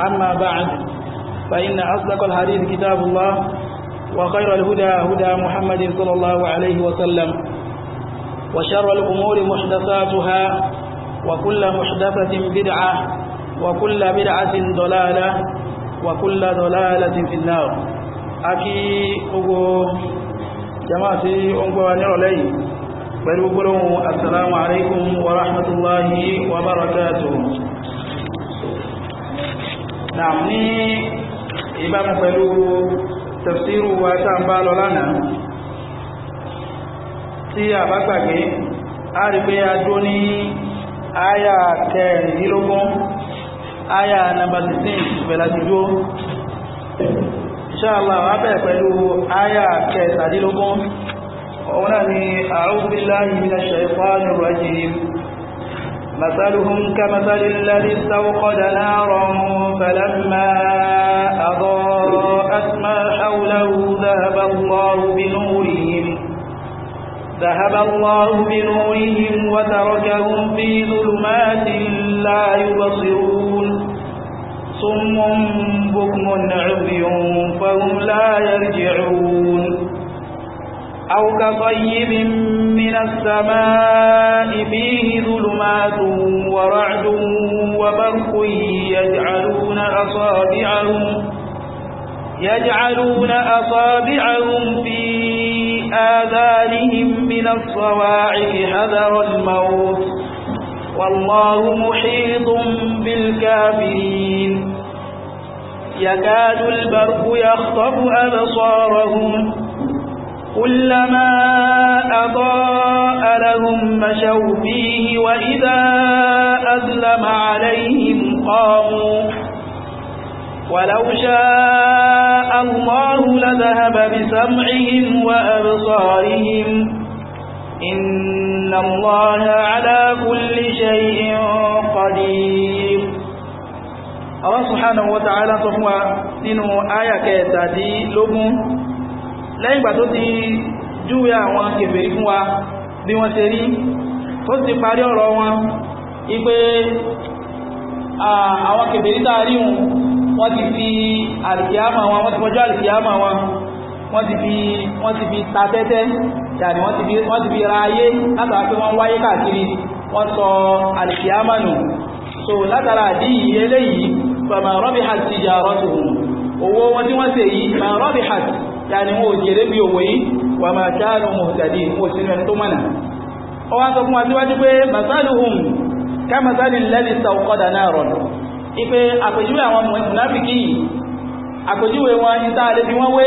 أما بعد فإن أصدق الحديث كتاب الله وخير الهدى هدى محمد صلى الله عليه وسلم وشر الأمور محدثاتها وكل محدثة بدعة وكل بدعة ضلالة وكل ضلالة في النار أكي أبو جماسي أنقوا نرلي بل السلام عليكم ورحمة الله وبركاته náà ní ìbámu pẹ̀lú tafsiru wa tá ń bá lọ lánàá tí a bá gbàgbé a rí pé a dó ní àyà kẹrìndínlógún àyà nàmbà 16 pẹ̀lájújó inshallah wà bẹ̀rẹ̀ pẹ̀lú àyà kẹtàdínlógún òun náà ni a'udhu billahi minash shaitanir rajim مثلهم كمثل الذي استوقد نارا فلما أضاءت ما حوله ذهب الله بنورهم ذهب الله بنورهم وتركهم في ظلمات لا يبصرون صم بكم عمي فهم لا يرجعون أو كطيب من السماء فيه ظلمات ورعد وبرق يجعلون أصابعهم يجعلون أصابعهم في آذانهم من الصواعق حذر الموت والله محيط بالكافرين يكاد البرق يخطف أبصارهم كلما أضاء لهم مشوا فيه وإذا أظلم عليهم قاموا ولو شاء الله لذهب بسمعهم وأبصارهم إن الله على كل شيء قدير الله سبحانه وتعالى فهو نينو آية دي لبن lẹ́yìn ìgbà tó ti àwọn kèfèrí fún wa bí wọ́n ṣe rí tó ti parí ọ̀rọ̀ wọn ipé àwọn kèfèrí tá a wọn wọ́n ti fi àlìkìyàmà wọn wọ́n ti fọjọ́ wọn wọ́n ti fi wọ́n ti fi ta tẹ́tẹ́ wọ́n ti fi ra ayé wọ́n wáyé káàkiri wọ́n sọ nù so látara àdí yìí owó wọn tí wọ́n ṣe yìí yàní wọn ò jèrè bí òwò yìí wà máa káàrùn ún òtàdì wọn ò sí ẹni tó mọ̀nà ó wá sọ fún wa síwájú pé masaluhum ká masalu lẹ́ni sàwọ́kọ́dà náà rọ̀ ipe àpèjúwe àwọn mùnáfìkì yìí àpèjúwe wọn ní táà lè fi wọ́n wé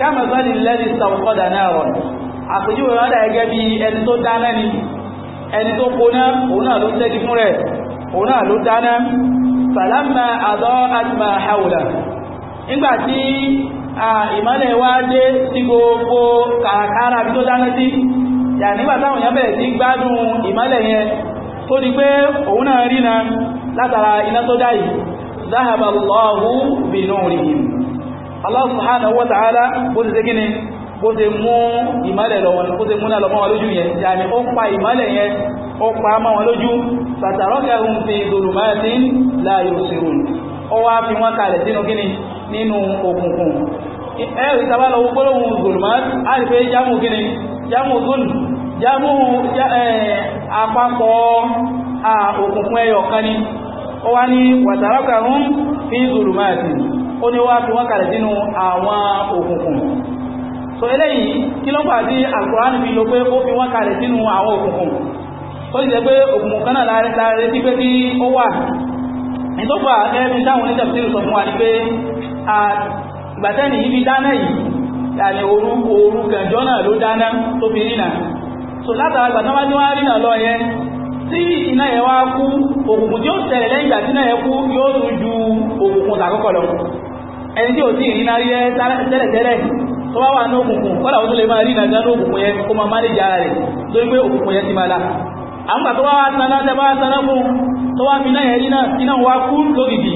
ká masalu lẹ́ni sàwọ́kọ́dà náà rọ̀ àpèjúwe ìmọ́lẹ̀ wá dé sí gbogbo kàràkàrà tó dáná sí yà nígbà táwọn èèyàn bẹ̀rẹ̀ sí gbádùn ìmọ́lẹ̀ yẹn tó di pé òun náà rí na látara iná tó dá yìí zahaballahu bi nurihim Allah ya pa pa ó wá fi wọ́n kalẹ̀ sínú kíni nínú òkùnkùn ẹ̀rì tàbá lọ gbólóhùn zulmat á rí pé jámù kíni jámù zul jámù àpapọ̀ òkùnkùn ẹyọ kan ni ó wá ní watarakahum fi zulmat ó ní wá fi wọ́n kalẹ̀ sínú àwọn òkùnkùn so eléyìí kí Al-Qur'an fi lo pé ó fi wọ́n kalẹ̀ sínú àwọn òkùnkùn ó sì jẹ́ pé ìtọ́fà ẹni táwọn onítẹ̀fẹ́ sọ fún wa ní pé àgbàtẹ́ni ibi dáná yìí yàní òru òru gànjọ́ ló dáná tó fi rìnà so látara gbàtán wá ní wá rìnà lọ yẹn tí iná yẹn wá kú òkùnkùn tí ó ṣẹlẹ̀ lẹ́yìn ìgbà tí iná yẹn kú yóò tún ju òkùnkùn tàkọ́kọ̀ lọ ẹni tí ò àmà tó wá tánà tẹ́bá tánà fún tó wá fi náà ẹ̀rí náà iná wá kú lóbìdì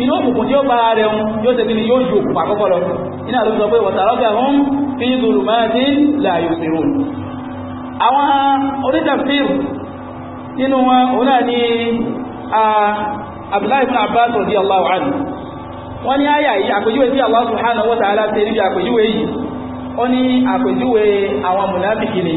inú òkùnkùn tí ó bá rẹ̀ hun yóò tẹ́bí ni yóò ju òkùnkùn àkọ́kọ́ lọ iná ló sọ pé wọ̀tàrọ́gà hún fi zùrù máa dé láàyò sèrò ni Abdullahi ibn Abbas radiyallahu anhu wọ́n ní àyà yìí àpèjúwe Allah subhanahu wa ta'ala ṣe níbi àpèjúwe yìí ó ní àpèjúwe àwọn ni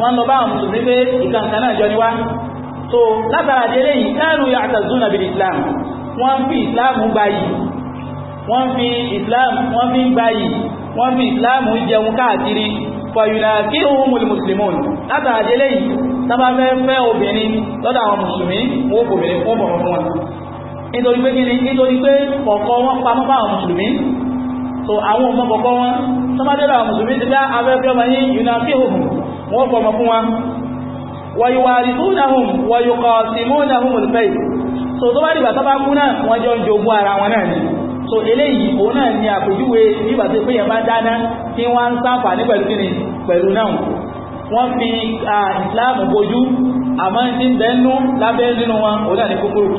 wọ́n lọ bá àwọn mùsùlùmí pé ìkànkà náà jọ níwá so látara délé yìí kánú ya àtàzúnà bí islam wọ́n fi islam gba yìí wọ́n fi islam wọ́n fi gba yìí wọ́n fi islam jẹun káàkiri fọ̀yùnà kí òun mùsùlùmí látara délé yìí tábà fẹ́ fẹ́ obìnrin lọ́dọ̀ àwọn mùsùlùmí wọ́n bòbìnrin fún bọ̀rọ̀ fún wọn nítorí pé kí ni nítorí pé kọ̀ọ̀kan wọ́n pamọ́ bá àwọn mùsùlùmí so àwọn ọmọ kọ̀kọ́ wọn tó má dẹ́lá mùsùlùmí ti dá afẹ́fẹ́ ọmọ yí yunafihum wọ́n fọmọ fún wa wàyíwàrìtúnahùn wàyíkọ̀ọ̀sìmúnahùn olùfẹ́ so tó bá dìgbà tó bá kú náà wọ́n jọ ń jogún ara wọn náà ni so eléyìí òun náà ni àpèjúwe nígbà tó pé yẹn bá dáná kí wọ́n ń sáfà ní pẹ̀lú kíni pẹ̀lú náà wọ́n fi islam bojú àmọ́ ní bẹ́ẹ̀nú lábẹ́ nínú wọn òun náà ni kúkúrú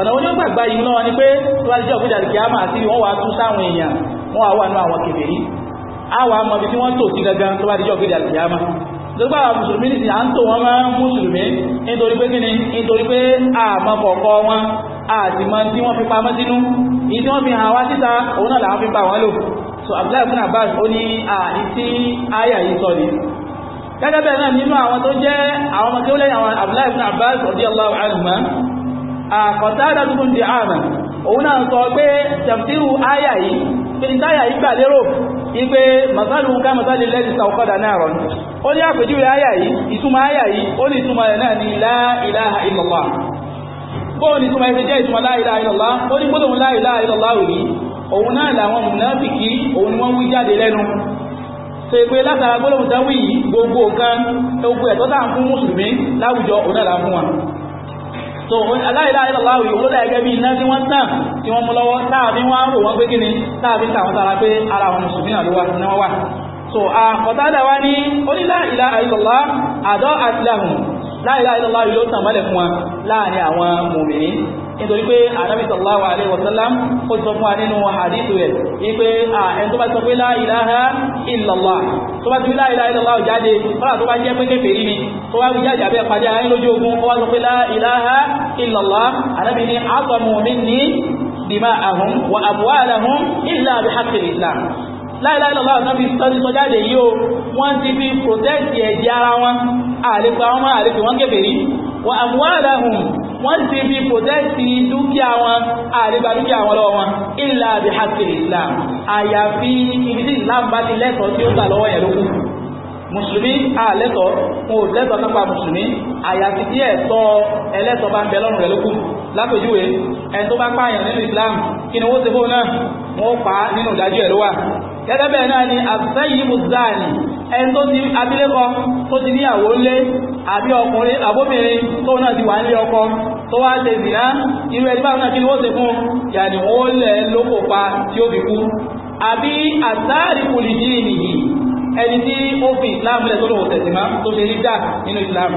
ọ̀nà wọn ni ó gbàgbà yìí náà ni pé tó bá ti jẹ́ òkúta kí á máa sí wọ́n wá tú sáwọn èèyàn wọ́n wá wà ní àwọn kèfèrí á wà mọ̀ bí tí wọ́n tò sí gangan tó bá ti jẹ́ òkúta kí á máa lọ́gbà mùsùlùmí nìsìn à so Abdullahi ibn Abbas ó ní ààrí tí àyà yìí sọ ni gẹ́gẹ́ bẹ́ẹ̀ náà nínú àwọn tó jẹ́ àwọn ọmọ ó lẹ́yìn àwọn Abdullahi ibn Abbas radiyallahu anhu àkọ̀tàdà tó ń di àmà òun náà sọ pé tafsiru ayayi yìí pé ní táyà yìí gbà lérò ipé masalu ká masalu a sàkọ́dà náà rọ̀ ó ní àpèjúwe áyà yìí ìtumọ̀ yìí ó ní ìtumọ̀ rẹ̀ náà la ilaha illallah bóò ní ìtumọ̀ ẹgbẹ́ jẹ́ ìtumọ̀ la ilaha illallah ó ní gbọ́dọ̀ so aláìláìláwò olóòdá ẹgẹ́ bí iná tí wọ́n tàn tí wọ́n mú lọ́wọ́ láàbí wọ́n rò wọ́n pé kí ni láàbí tàwọn tara pé ara wọn mùsùlùmí náà ló wà ní wọ́n wà so àkọ̀tádà wá ní onílá ìlà àìlọ́lá àdọ́ àtìláhùn la ilaha illallah yóò tàn mọ́lẹ̀ fún wa láàrin àwọn mùmìnì nítorí pé Ànábì sallallahu alaihi wasallam ó sọ fún wa nínú àdíṣù rẹ̀ wípé ẹni tó bá sọ pé la ilaha illallah tó bá ti la ilaha illallah jáde fọ́nà tó bá jẹ́ pé kéfèrí ni tó bá jáde àbẹ́ pàdé ayé lójú láìláìlọ́lá ọ̀nàbí sọ́dí sọ́jáde yìí o wọ́n ti fi protẹ́tì ẹ̀jẹ̀ ara wọn àlepọ̀ àwọn ọmọ àlepọ̀ wọn kèfèrí wọ́n àmúwádà hùn wọ́n ti fi protẹ́tì dúkìá wọn àlepọ̀ dúkìá wọn lọ́wọ́ wọn ìlà àbí hakiri islam àyàfi ibi tí islam bá ti lẹ́tọ̀ọ́ tí ó gbà lọ́wọ́ yẹn lókun mùsùlùmí àlẹ́tọ̀ọ́ wọn ò lẹ́tọ̀ọ́ nípa mùsùlùmí àyàfi tí ẹ̀tọ́ ẹlẹ́tọ̀ọ́ bá ń bẹ lọ́rùn rẹ̀ lókun lápèjúwe ẹni tó bá pààyàn nínú islam kí ni wọ́n ti pa nínú ìdájọ́ ẹ̀rọ gẹ́gẹ́ bẹ́ẹ̀ náà ni àbẹ́yìnbó záàni ẹni tó ti abilékọ tó ti níyàwó lé àbí ọkùnrin àbóbìnrin tó náà ti wà ní ọkọ tó wá ṣe zìná irú ẹni báwọn náà kí ni wọ́n ṣe fún yàní wọ́n lẹ̀ lóko pa tí ó fi kú àbí àtàrí kùlìjì nìyí ẹni tí ó fi Islam lẹ̀ tó lòun tẹ̀sí máa tó ṣe rí dà nínú Islam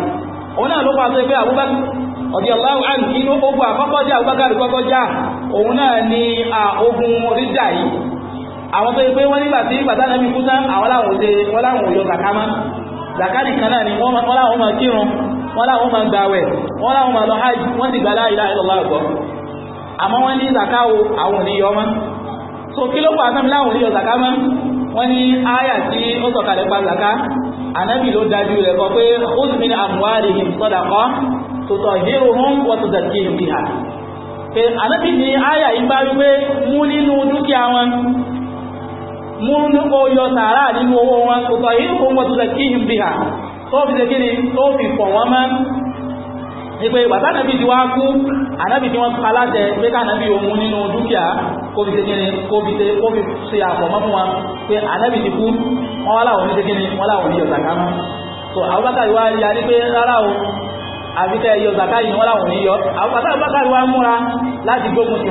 òun náà ló pàṣẹ pé Abubakar ọ̀dí aláwọ̀ àrùn nínú ogun àkọ́kọ́ jẹ́ Abubakar kọ́kọ́ já òun náà ni ogun rídà yìí àwọn tó yẹ pé wọ́n nígbà tí bàtà náà mi kú tán àwọn láwọn òde wọ́n láwọn òyọ kàkà má zaka nìkan náà ni wọ́n láwọn máa kírun wọ́n láwọn máa gbàwẹ̀ wọ́n láwọn máa lọ hajj wọ́n sì gbà la ilaha illallah àmọ́ wọ́n ní zaka wo àwọn òní yọ mọ́ so kí ló pàtàkì láwọn òní yọ zaka mọ́ wọ́n ní áyà tí ó sọ̀kalẹ̀ pa zaka ànábì ló dájú rẹ̀ kọ pé ó sì min amwalihim sadaqa tutahhiruhum wa tuzakkihim biha pé ànábì ní áyà yìí bá wípé mú nínú dúkìá wọn mú ní oyọ tààrà nínú owó wọn tó tọ́ yìí wọ́n tó him bí ha tó fi zẹ̀kí ni tó fi pọ̀ wọ́n mọ́ ní bàtà nàbí ti wá kú ànábì tí wọ́n pa láṣẹ pé káànábì òun nínú dúkìá kó fi ṣekíni kó fi ṣe kó fi fún wa pé ànábì ti kú wọ́n wá láwọn wọ́n láwọn oníyọ̀ mọ́ so àwọn wá ya adé pé rárá o àfikẹ́ yìí wọ́n láwọn oníyọ̀ àwọn wá múra láti gbógun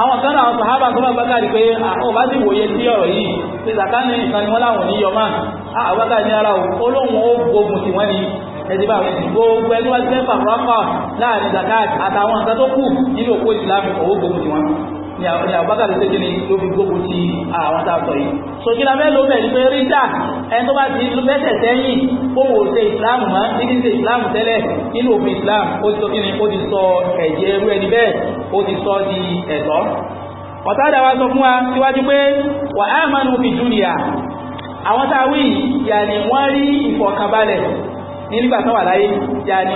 àwọn kan àwọn sàhábà tó máa bákàrí pé àwọn bá sì wòye sí ọ̀rọ̀ yìí pé zakani nìkan ni wọ́n láwọn ní yọmá àwọn bákàrí ní ara olóhun ó gbógun tí wọ́n ni ẹ̀dí bá wọ́n ni àbúbákà ló tẹ́kí ni ló fi gbógun ti àwọn tààtọ̀ yìí sòkìlà mẹ́lò mẹ́rin pé rídà ẹni tó bá ti mẹ́sẹ̀ sẹ́yìn ó wò ṣe ìsìláàmù mọ́ títí ṣe ìsìláàmù tẹ́lẹ̀ nínú òfin ìsìláàmù ó ti sọ kí ni ó ti sọ ẹ̀jẹ̀ ẹrú ẹni bẹ́ẹ̀ ó ti sọ di ẹ̀tọ́ ọ̀tádà wa sọ fún wa síwájú pé wà á máa nù fi júnìyà àwọn táwí yà ni wọ́n rí ìfọ̀kànbalẹ̀ nígbà tán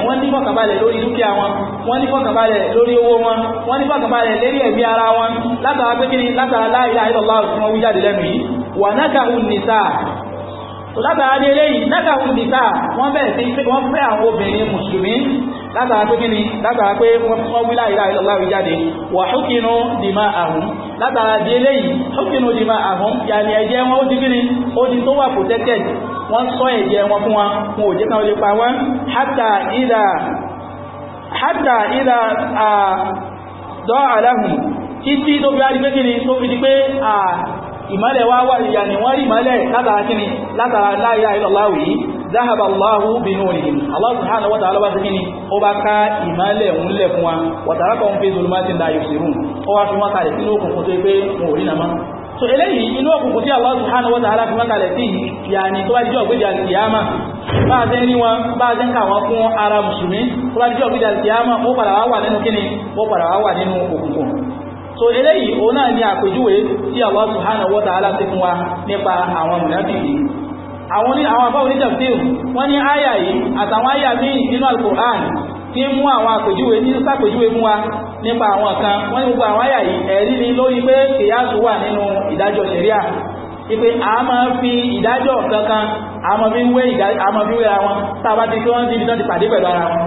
wà ní fọ̀kànbalẹ̀ lórí dúkìá wọn wọ́n la ilaha illallah tí wọ́n wí jáde lẹ́nu yìí wà nákàhù nìsà látara ní eléyìí nákàhù nìsà wọ́n bẹ̀rẹ̀ sí pé wọ́n fẹ́ àwọn obìnrin mùsùlùmí látara pé kíni látara pé wọ́n wí la ilaha jáde wà húkinu dìmá àhùn látara di eléyìí húkinu dìmá àhùn yàní ẹ̀jẹ̀ wọn ó ti kíni ó ti tó wà protected wọ́n sọ ẹ̀jẹ̀ wọn fún wa wọn ò jẹ́ a lè pa wọ́n hátà ìdá hátà ìdá àdọ́ àdáhùn tó bí arí pé kí ni tó fi di pé à ìmọ́lẹ̀ wá wà ìyà wọ́n rí ìmọ́lẹ̀ ni látara so eléyìí inú òkùnkùn tí Allah subhanahu wa ta'ala fi mọ́kàlẹ̀ sí yàní tó bá jíjọ́ ògbéjà kìyàmá bá a jẹ́ ní wọn bá a jẹ́ ń kà wọn fún ara mùsùlùmí tó bá jíjọ́ ògbéjà kìyàmá ó padà wá wà nínú kíni ó padà wá wà nínú òkùnkùn so eléyìí òun ni àpèjúwe tí Allah subhanahu wa ta'ala ti fún wa nípa àwọn mùnàfíì àwọn àbáwọn oníjàpíl wọ́n ní áyà yìí àtàwọn áyà míì nínú al-Qur'an tí ń mú àwọn àpèjúwe ní sàpèjúwe mú wa nípa àwọn kan wọ́n ní gbogbo àwọn àyà yìí ẹ̀rí ni lórí pé kìyàtú wà nínú ìdájọ́ ṣẹ̀ríà ipe a máa fi ìdájọ́ kankan a máa fi ń wé ara wọn tàbá ti kí wọ́n ti dìtọ́ ti pàdé pẹ̀lú ara wọn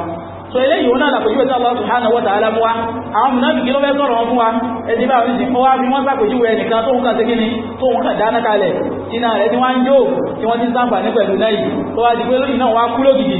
so eléyìí òun náà làpèjúwe tí Allah subhanahu wa ta'ala mú wa àwọn mìíràn kí ló fẹ́ sọ̀rọ̀ wọn fún wa ẹni bá wọn sì fún wa fi wọ́n sàpèjúwe ẹnìkan tó ń kàn sí kíni tó ń kàn dáná kalẹ̀ tí náà rẹ̀ tí ń jó tí wọ́n ti ń sàǹfààní pẹ̀lú náà yìí tó wá di pé lónìí náà wá kú lókìkì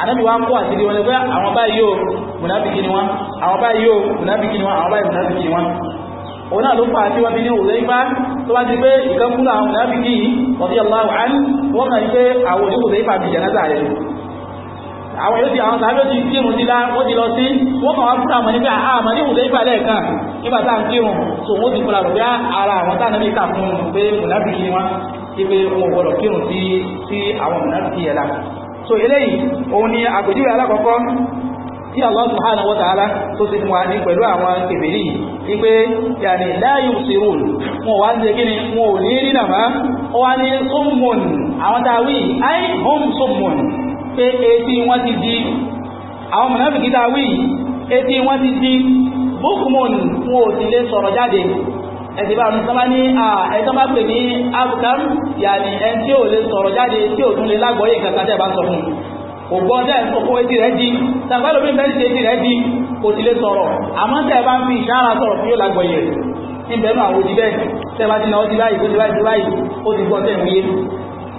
ànábì wa ń kó àṣírí wọn lẹ́gbẹ́ àwọn báyìí yóò mùnáfíkí ni wọ́n àwọn báyìí yóò mùnáfíkí ni wọ́n àwọn báyìí mùnáfíkí ni wọ́n òun náà ló fà tí wọ́n fi ní òwúrẹ́ ipá tó bá ti pé ìkan kúrò àwọn mùnáfíkí radiyallahu anhu wọ́n máa ń pé àwọn òṣìṣẹ́ ìfà bìjà náà rẹ̀ àwọn yóò ti àwọn sàábẹ́ ti kírun sílá wọ́n ti lọ sí wọ́n kàn wá fúnra mọ̀ nígbà ah, àmọ́ ní òṣìṣẹ́ ìfà lẹ́ẹ̀kan nígbà tá à ń kírun tó wọ́n ti fúnra rọ̀ bí ah, ara àwọn tá à náà kà fún un pé mùnáfíkí ni wọ́n ti pé wọn ò gbọdọ̀ kírun sí àwọn mùnáfíkí yẹn lára so eléyìí òun ni àpèjúwe alákọ̀ọ́kọ́ tí Allah subhanahu wa ta'ala tó ti mú wa ní pẹ̀lú àwọn kèfèrí ní pé yàní láàyò sí òòlù wọn wá ń ṣe kí ni wọn ò ní rí nàmá wọn ni sọmọn àwọn tá a wí àì pé etí wọn ti di àwọn mọ̀nàfìkì etí wọn ti di bókùmọ̀n wọn ò sì lè sọ̀rọ̀ jáde ẹ̀sìn bá mú sábà ní ẹ̀sán bá pè ní abukam yàní ẹni tí ò lè sọ̀rọ̀ jáde tí ò tún lè lágbọ́yé kankan tẹ́ bá sọ fún kò gbọ́ tẹ́ ẹ̀ sọ́kó etí rẹ̀ di tàbí lómi bẹ́ẹ̀ ti etí rẹ̀ di kò sì lè sọ̀rọ̀ àmọ́ tẹ́ ẹ bá ń fi ìṣára sọ̀rọ̀ fún yóò lágbọ́yé rẹ̀ níbẹ̀ náà àwọn òdì bẹ́ẹ̀ tẹ́ bá ti na ọdí báyìí òdì báyìí báyìí ó ti gbọ́n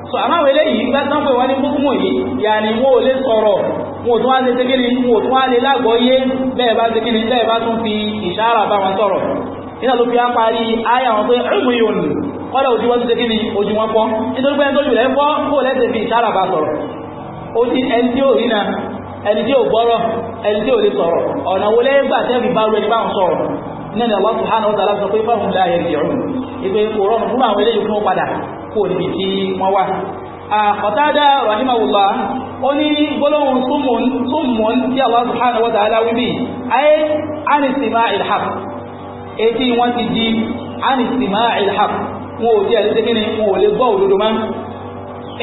so àmáwé lẹ́yìn bá tán pé wọ́n ní kúkú mọ̀ yìí yà ni wọ́n ò lè sọ̀rọ̀ wọ́n tún wá lè ṣe kíni wọ́n tún wá lè lágbọ́yé bẹ́ẹ̀ bá ṣe kíni bẹ́ẹ̀ bá tún fi ìṣára bá wọn sọ̀rọ̀ iná ló fi á parí ayé àwọn pé ẹ̀mù yóò nù kọ́lá ojú wọn ti ṣe kí ni ojú wọn fọ́ nítorí pé ẹni tó jùlẹ̀ fọ́ kó lẹ́sẹ̀ fi ìṣára bá sọ̀rọ̀ ó ti ẹni tí ò rí náà ẹni tí ò gbọ́rọ̀ ẹni tí ò lè sọ̀rọ̀ ọ̀nà wo lẹ́yìn gbà tẹ́ẹ̀fì bá rú ẹni bá ń sọ̀rọ̀ iná ni Allah subhanahu wa ta'ala sọ pé fáwọn ọ̀dà etí wọn ti di anìsìmá ìlhàp wọn ò tí ẹ̀ ṣe kíni wọn ò lè gbọ́ òdodo mọ́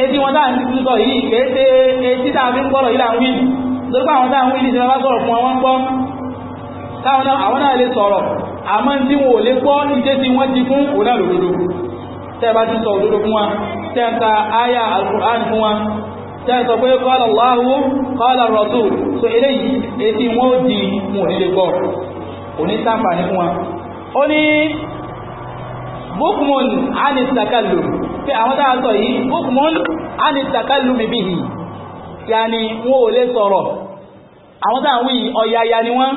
etí wọn na ń sọ yìí kìí ṣe etí fi ń gbọ́rọ̀ yìí láwọn wíìlì àwọn táà ń wíìlì tí sọ̀rọ̀ fún wọn gbọ́ táwọn àwọn náà lè sọ̀rọ̀ àmọ́ tí wọn ò lè gbọ́ tí ti fún òun náà aya alukur'an fún wa tẹ́ sọ pé ó ní bukmun anisakalu pé àwọn tàà sọ yìí bukmun anisakalu bíbí yìí ya ni wọ́n ò lè sọ̀rọ̀ àwọn tàà wí ọ̀yàyà ni wọ́n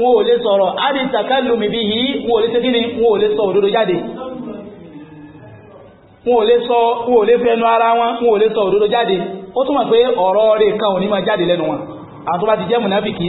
wọ́n ò lè sọ̀rọ̀ anisakalu bíbí yìí wọ́n ò lè ṣe kíni wọ́n ò lè sọ òdodo jáde wọn ò lè sọ wọn ò lè fẹnu ara wọn wọn ò lè sọ òdodo jáde ó túmọ̀ pé ọ̀rọ̀ rẹ̀ kan ò ní máa jáde lẹ́nu wọn àwọn ti jẹ́ mùnáfìkì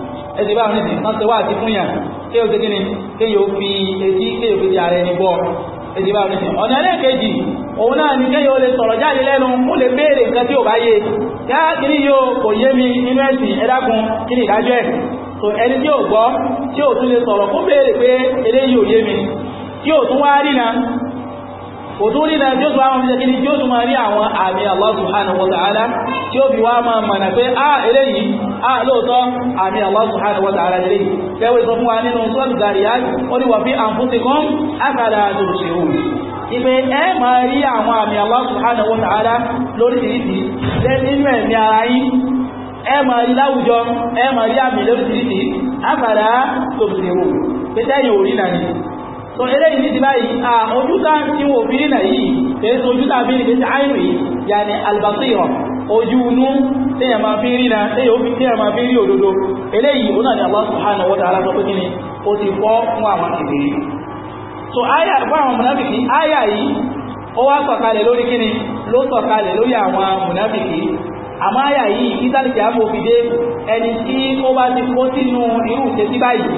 ẹ̀sìn bá rìn sí wọ́n ti wá àti fúnyà kí o ti kí ni kí yóò fi etí kí yóò fi ti ààrẹ ní bọ́ ẹ̀sìn bá rìn sí ọ̀nà ẹlẹ́ẹ̀kejì òun náà ni kí yóò lè sọ̀rọ̀ jáde lẹ́nu mú lè béèrè nǹkan tí ò bá yé káàkiri yóò kò yé mi nínú ẹ̀sìn ẹ̀dákun kí ni ìdájọ́ ẹ̀ tó ẹni tí ò gbọ́ tí ò tún lè sọ̀rọ̀ kó béèrè pé eléyìí ò yé mi tí ò tún wá rí náà òtúrí náà tí ó tún àwọn ìṣẹ́kí ni tí ó tún máa rí àwọn àmì Allah subhanahu wa ta'ala tí ó fi wá máa mọ̀nà pé á ah, eléyìí á ah, lóòótọ́ àmì Allah subhanahu wa ta'ala lè tẹ́wẹ́ sọ fún wa nínú sọ́ọ̀tù Zariyat ó ní wà fi anfusikum afala tubsirun ìpè ẹ máa so eléyìí ní ti báyìí à ojúta tí wò fi nà yìí kìí sí ojúta fi ní kìí àìnù yìí yà ní albasira ojú inú téèyàn máa fi rí na téèyàn máa fi rí òdodo eléyìí ó náà ní Allah subhanahu wa ta'ala sọ pé kí ni ó ti fọ́ fún àwọn kìkìrì so àyà fún àwọn mùnàfìkì àyà yìí ni ló sọ̀kalẹ̀ lórí àwọn mùnàfìkì àmọ́ àyà yìí ìtàlìkì àmọ́ òfìdé ẹni tí ó bá ti kó sínú irú ìṣesí báyìí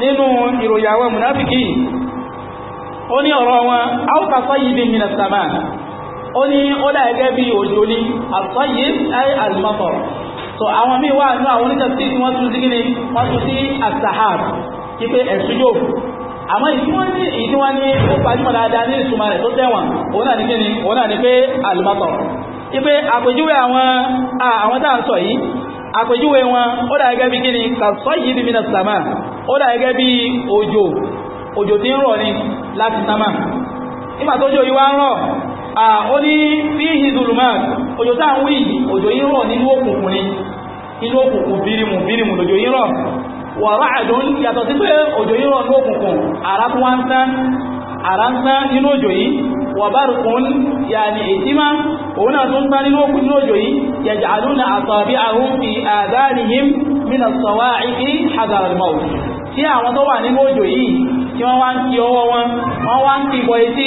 nínú ìròyìn àwọn mùnáfikì ó ní ọ̀rọ̀ wọn áùkàsáyìdì minas sama ó ní ó dá ẹgẹ́ bí òjò ní àsáyìd ay al so àwọn míì wà ní àwọn onítàsí tí wọ́n tún sí gíní wọ́n tún sí as-sahab kípé ẹ̀sùjò àmọ́ ìdí wọ́n ní ó gbajúmọ̀ dáadáa ní ìsúnmọ̀ rẹ̀ tó tẹ́wọ̀n òun àpèjúwe wọn ó dà gẹ́gẹ́ bí kíni kàṣọ́ yìí bí mina sàmà ó dà gẹ́gẹ́ bí òjò òjò tí ń rọ̀ ni láti sàmà nígbà tó jò yíwá ń rọ̀ ó ní bí ìdùlùmọ̀ òjò tá ń wí òjò yí rọ̀ nínú òkùnkùn ni inú òkùnkùn bírimù bírimù lòjò yí rọ̀ wọ̀rọ̀ àdó yàtọ̀ sí pé àrá ń tán nínú òjò yìí wà bá rùkún yà ní ètímá òun náà tó ń tán nínú òkú nínú òjò yìí yà jà àdúnà àtọ̀bí àhún fi àdánihim mínà sọ̀wá ìkí hazardmau tí àwọn tó wà nínú òjò yìí tí wọ́n wá ń kí ọwọ́ wọn wọ́n wá ń kí bọ̀ etí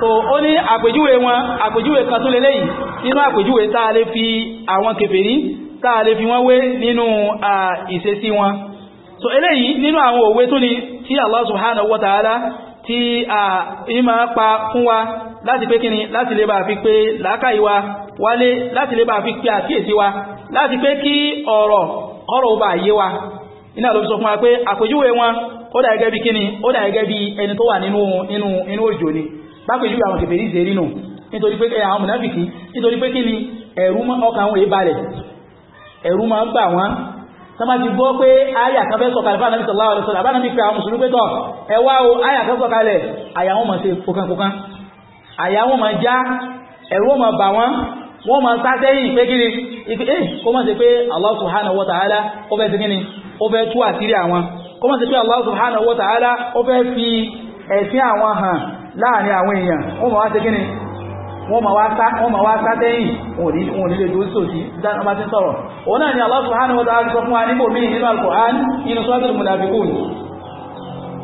so ó ní àpèjúwe wọn àpèjúwe kan tó lélẹ́yìí nínú àpèjúwe táa lè fi àwọn kèfèrí táa lè fi wọ́n wé nínú ìṣesí wọn so eléyìí nínú àwọn òwe tó ni tí Allah subhanahu wa ta'ala tí a ìmá pa fún wa láti pé kíni láti lè bá fi pé làákàyè wa wálé láti lè bá fi pé àkíyèsí wa láti pé kí ọ̀rọ̀ ọ̀rọ̀ bá yé wa iná ló fi sọ fún wa pé àpèjúwe wọn ó dà gẹ́gẹ́ bí kíni ó dà gẹ́gẹ́ bí ẹni tó wà nínú òjò ni pápẹ̀jú àwọn kèfèrí ìzèrí nù nítorí pé eh, àwọn mùnáfìkì nítorí pé kí ni ẹ̀rú ọkàn àwọn ìbalẹ̀ ẹ̀rú ma ń gbà wọn tọ́mà ti gbọ́ pé aya kan fẹ́ sọ̀kalẹ̀ bá nàbí sallallahu alaihi wasallam àwọn mùsùlùmí pẹ́tọ̀ o aya kan sọ̀kalẹ̀ àyà wọn máa ṣe kókankókan àyà àwọn láàrin àwọn èèyàn wọ́n ma wá ṣe kíni wọ́n ma wá sá tẹ́yìn òun nílé tó sò sí dáná bá ti sọ̀rọ̀ òun náà ni Allah subhanahu wa ta'ala sọ fún wa níbò mí nínú al inú suratul munafiqun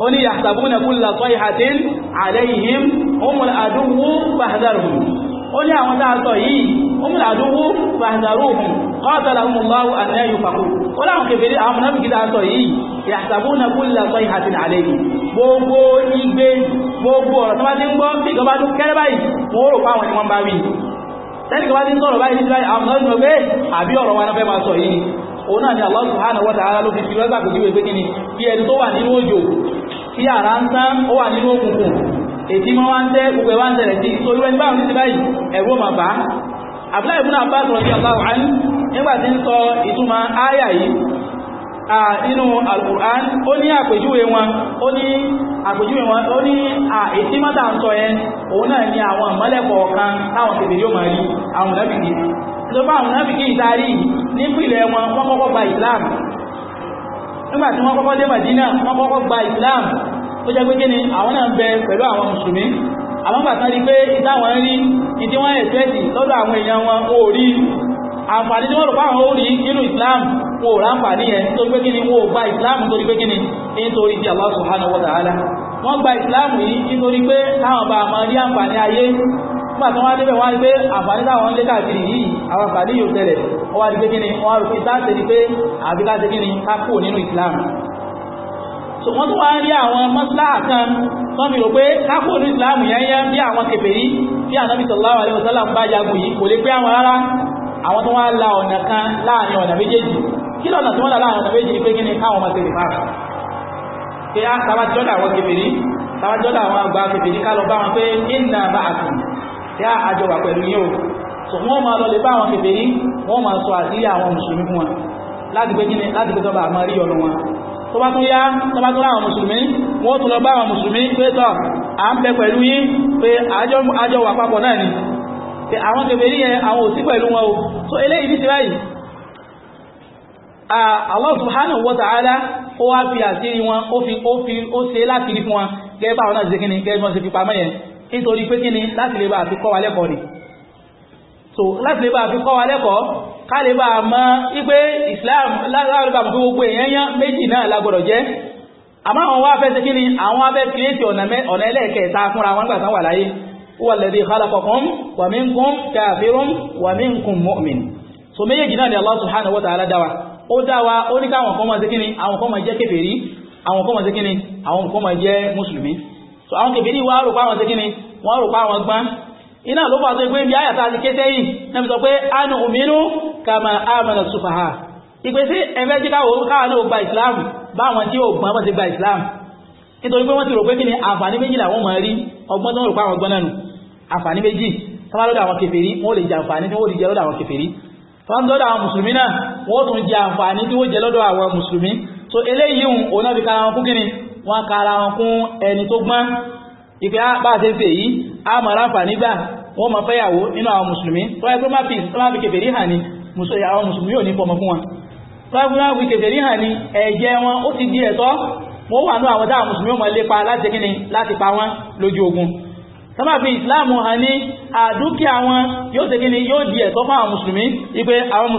ó ní yahsabuna kulla sayhatin alayhim humul aduwwu fahdharhum ó ní àwọn dáàtọ̀ yìí ó mú àdúgbò fàìdàrú qātalahum Allāhu an yufakūn ó láwọn kèfèrè àwọn mùnáfíkì dáàtọ̀ yìí yaḥsabūna kulla sayhatin ʿalayhim gbogbo igbe gbogbo ọ̀rọ̀ tó bá ti ń gbọ́ bí ìjọba tó kẹ́rẹ́ ni wọ́n bá wí tẹ́lẹ̀kẹ́ bá ti ń sọ̀rọ̀ báyìí nígbà àwọn ọ̀rọ̀ ìjọba àbí ọ̀rọ̀ wa náà fẹ́ máa ni Allah subhanahu wa ta'ala ni bí ẹni èdí mọ́ wá ń tẹ́ gbogbo ẹ̀ wá ń tẹ̀lẹ̀ sí torí wẹ́n báwọn ní ti báyìí ẹ̀wọ́ mà bá Abdullahi ibn Abbas radiyallahu anhu nígbà tí ń sọ ìtumọ̀ áyà yìí nínú Al-Qur'an ó ní àpèjúwe wọn ó ní àpèjúwe wọn ó ní ètí mọ́ta ń sọ yẹn òun náà ní àwọn ìmọ́lẹ̀kọ̀ kan táwọn tètè yóò máa rí àwọn ìlẹ́bìkì ìjọba àwọn ìlẹ́bìkì ìtarí nípìnlẹ̀ wọn wọ́n kọ́kọ́ gba Islam nígbà tí wọ́n kọ́kọ́ dé Madina wọ́n kọ́kọ́ gba Islam ó jẹ́ pé kí ni àwọn náà bẹ pẹ̀lú àwọn mùsùlùmí àwọn bàtà rí pé ìtàwọn rí ìdí wọ́n ẹ̀sẹ̀ẹ̀sì lọ́dọ̀ àwọn èèyàn wọn ó rí àǹfààní tí wọ́n rò fáwọn ó rí nínú Islam wo ráǹfààní yẹn tó pé kí ni gba Islam torí pé kí nítorí ti Allah subhanahu wa ta'ala wọ́n gba Islam yìí nítorí pé káwọn bá máa rí àǹfààní ayé nígbà tí wọ́n débẹ̀ wọ́n rí pé àǹfààní táwọn ń lé káàkiri yìí àwọn àǹfààní yóò tẹ̀lẹ̀ wọ́n rí pé kí wọ́n rò pé táàtẹ̀ ni pé àbíkáṣe kí ni ká kúrò nínú Islam so wọ́n tún wá rí àwọn mọ́síláà kan wọ́n fi rò pé kákò ní ìsìláàmù yẹn yẹn bí àwọn kèfèrí tí ànábì sallallahu alaihi wasallam bá jagun yìí kò lè pé àwọn rárá àwọn tó wá la ọ̀nà kan láàrin ọ̀nà méjèèjì kí lọ́nà tí wọ́n là láàrin ọ̀nà méjèèjì pé kí ni káwọn ọmọ tèmi fà pé á ah, tabajọ́dà àwọn kèfèrí tabajọ́dà àwọn àgbà kèfèrí ká lọ bá wọn pé inna ma'akum tí á àjọ wà pẹ̀lú yóò so wọ́n máa lọ lè bá àwọn kèfèrí wọ́n máa sọ àti àwọn mùsùlùmí fún wọn láti pé kí ni láti pé tọ́ba àmọ́ rí ọ̀nà wọn tó bá tún yá tó bá tún láwọn mùsùlùmí wọ́n tún lọ bá àwọn mùsùlùmí pé tọ́ à ń bẹ pẹ̀lú yín pé àjọ wà papọ̀ náà ni pé àwọn kèfèrí yẹn àwọn òsí pẹ̀lú so eléyìí ní ti báyìí Allah láti lè bá àfi so láti lè bá àfi kọ́ wa lẹ́kọ̀ọ́ káàlẹ̀ bá mọ́ ipé Islam láàrín bàbá gbogbo èèyàn méjì náà lágbọ́dọ̀ jẹ́ àmọ́ àwọn wá fẹ́ sí kí ni àwọn abẹ́ kìrìtì ọ̀nà ẹlẹ́ẹ̀kẹta fúnra wọn gbà tán wà láyé huwa alladhi khalaqakum wa minkum kafirun so méjèèjì náà ni Allah subhanahu wa ta'ala dáwa ó dáwa ó ní ni àwọn kan máa jẹ́ ni àwọn kan so àwọn kèfèrí wá ni wọ́n rò iná ló fàá tó pé bí ayàtà ti kété yìí náà sọ pé ánù òmìnú kàmà àmàlà sùfàhà ìpèsè ẹ̀fẹ́ jí káwò káwà ní ògbà islam báwọn tí ó islam nítorí pé wọ́n ti rò pé kí ni àǹfààní méjì làwọn máa rí ọgbọ́n tó ń rò pé àwọn gbọ́n nánu àǹfààní méjì tọ́wọ́ so eléyìí òun náà fi kára wọn kún wọ́n kára wọn kún ẹni tó gbọ́n ìpé ah, bá ṣe ń ṣe yìí a máa ráfà nígbà wọ́n máa fẹ́yàwó nínú àwọn mùsùlùmí tó yẹ pé má fi kèfèrí hàn ní àwọn mùsùlùmí ò ní fọmọ fún wọn tó yẹ pé má fi kèfèrí hàn ní ẹ̀jẹ̀ wọn ó ti di ẹ̀tọ́ wọ́n wà ní àwọn táwọn mùsùlùmí ọmọ lépa láti kíni láti pa wọn lójú ogun tó má fi ìsìláàmù hàn ní àdúkìá wọn yóò ṣe kíni yóò di ẹ̀tọ́ fún àwọn mùsùlùmí ìpé àwọn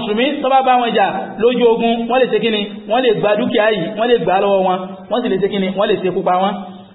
lè ṣe dúkìá yìí wọ́n lè gbà lọ́wọ́ wọn wọ́n sì lè ṣe wọ́n lè ṣe kúpa wọn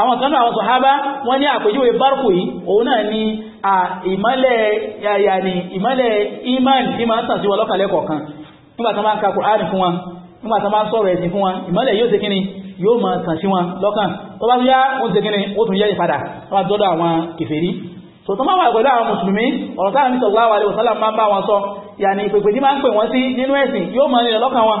àwọn kan náà àwọn sọ̀hábá wọ́n ní àpèjúwe bárkù yìí òun náà ni ìmọ́lẹ̀ yàyàní ìmọ́lẹ̀ iman tí máa ń tàn sí wọn lọ́kànlẹ́ kọ̀ọ̀kan nígbà tó máa ń ka Kùránì fún wọn nígbà tó máa ń sọ̀rọ̀ ẹ̀sìn fún wọn ìmọ́lẹ̀ yóò ṣe kíni yóò máa tàn sí wọn lọ́kàn tó bá yá ó ṣe ó tún yẹ́ ìpadà tó bá dọ́dọ̀ àwọn kèfèrí so tó máa wà pẹ̀lú àwọn mùsùlùmí ọ̀rọ̀ táwọn sallallahu alaihi wasallam máa ń bá wọn sọ yàní ìpèpè tí máa ń pè wọ́n sí nínú ẹ̀sìn yóò máa nílẹ̀ lọ́kàn wọn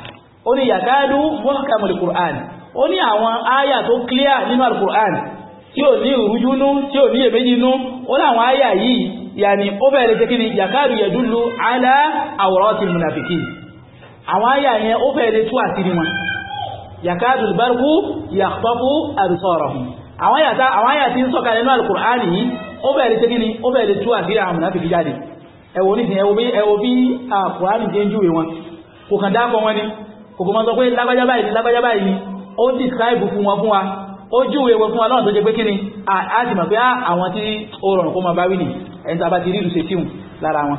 ó ní yàkádù mọ́kàmù al-Qur'an ó ní àwọn áyà tó clear nínú al-Qur'an tí ò ní ìrújúnú tí ò ní èméjìnú ó láwọn áyà yìí yàní ó bẹ̀rẹ̀ jẹ́ kíni yàkádù yadullu ala awratil munafiqin àwọn áyà yẹn ó bẹ̀rẹ̀ tú àṣírí wọn yàkádù al-barqu yakhtafu absarahum àwọn áyà tí ń sọ̀kalẹ̀ nínú al-Qur'an yìí ó bẹ̀rẹ̀ jẹ́ kíni ó bẹ̀rẹ̀ tú àṣírí àwọn munafiqi jáde ẹ̀wọ̀ nísìnyí ah, kò kàn dákọ̀ wọn kòkò máa sọ pé lágbájá báyìí ni lágbájá báyìí ni ó ń describe fún wọn fún wa ó júwe wọn fún wa lọ́nà tó jẹ́ pé kí ni a ti mọ̀ pé àwọn tí ó rọrùn kó máa bá wí nì ẹni tí ti rí ṣe tíhùn lára wọn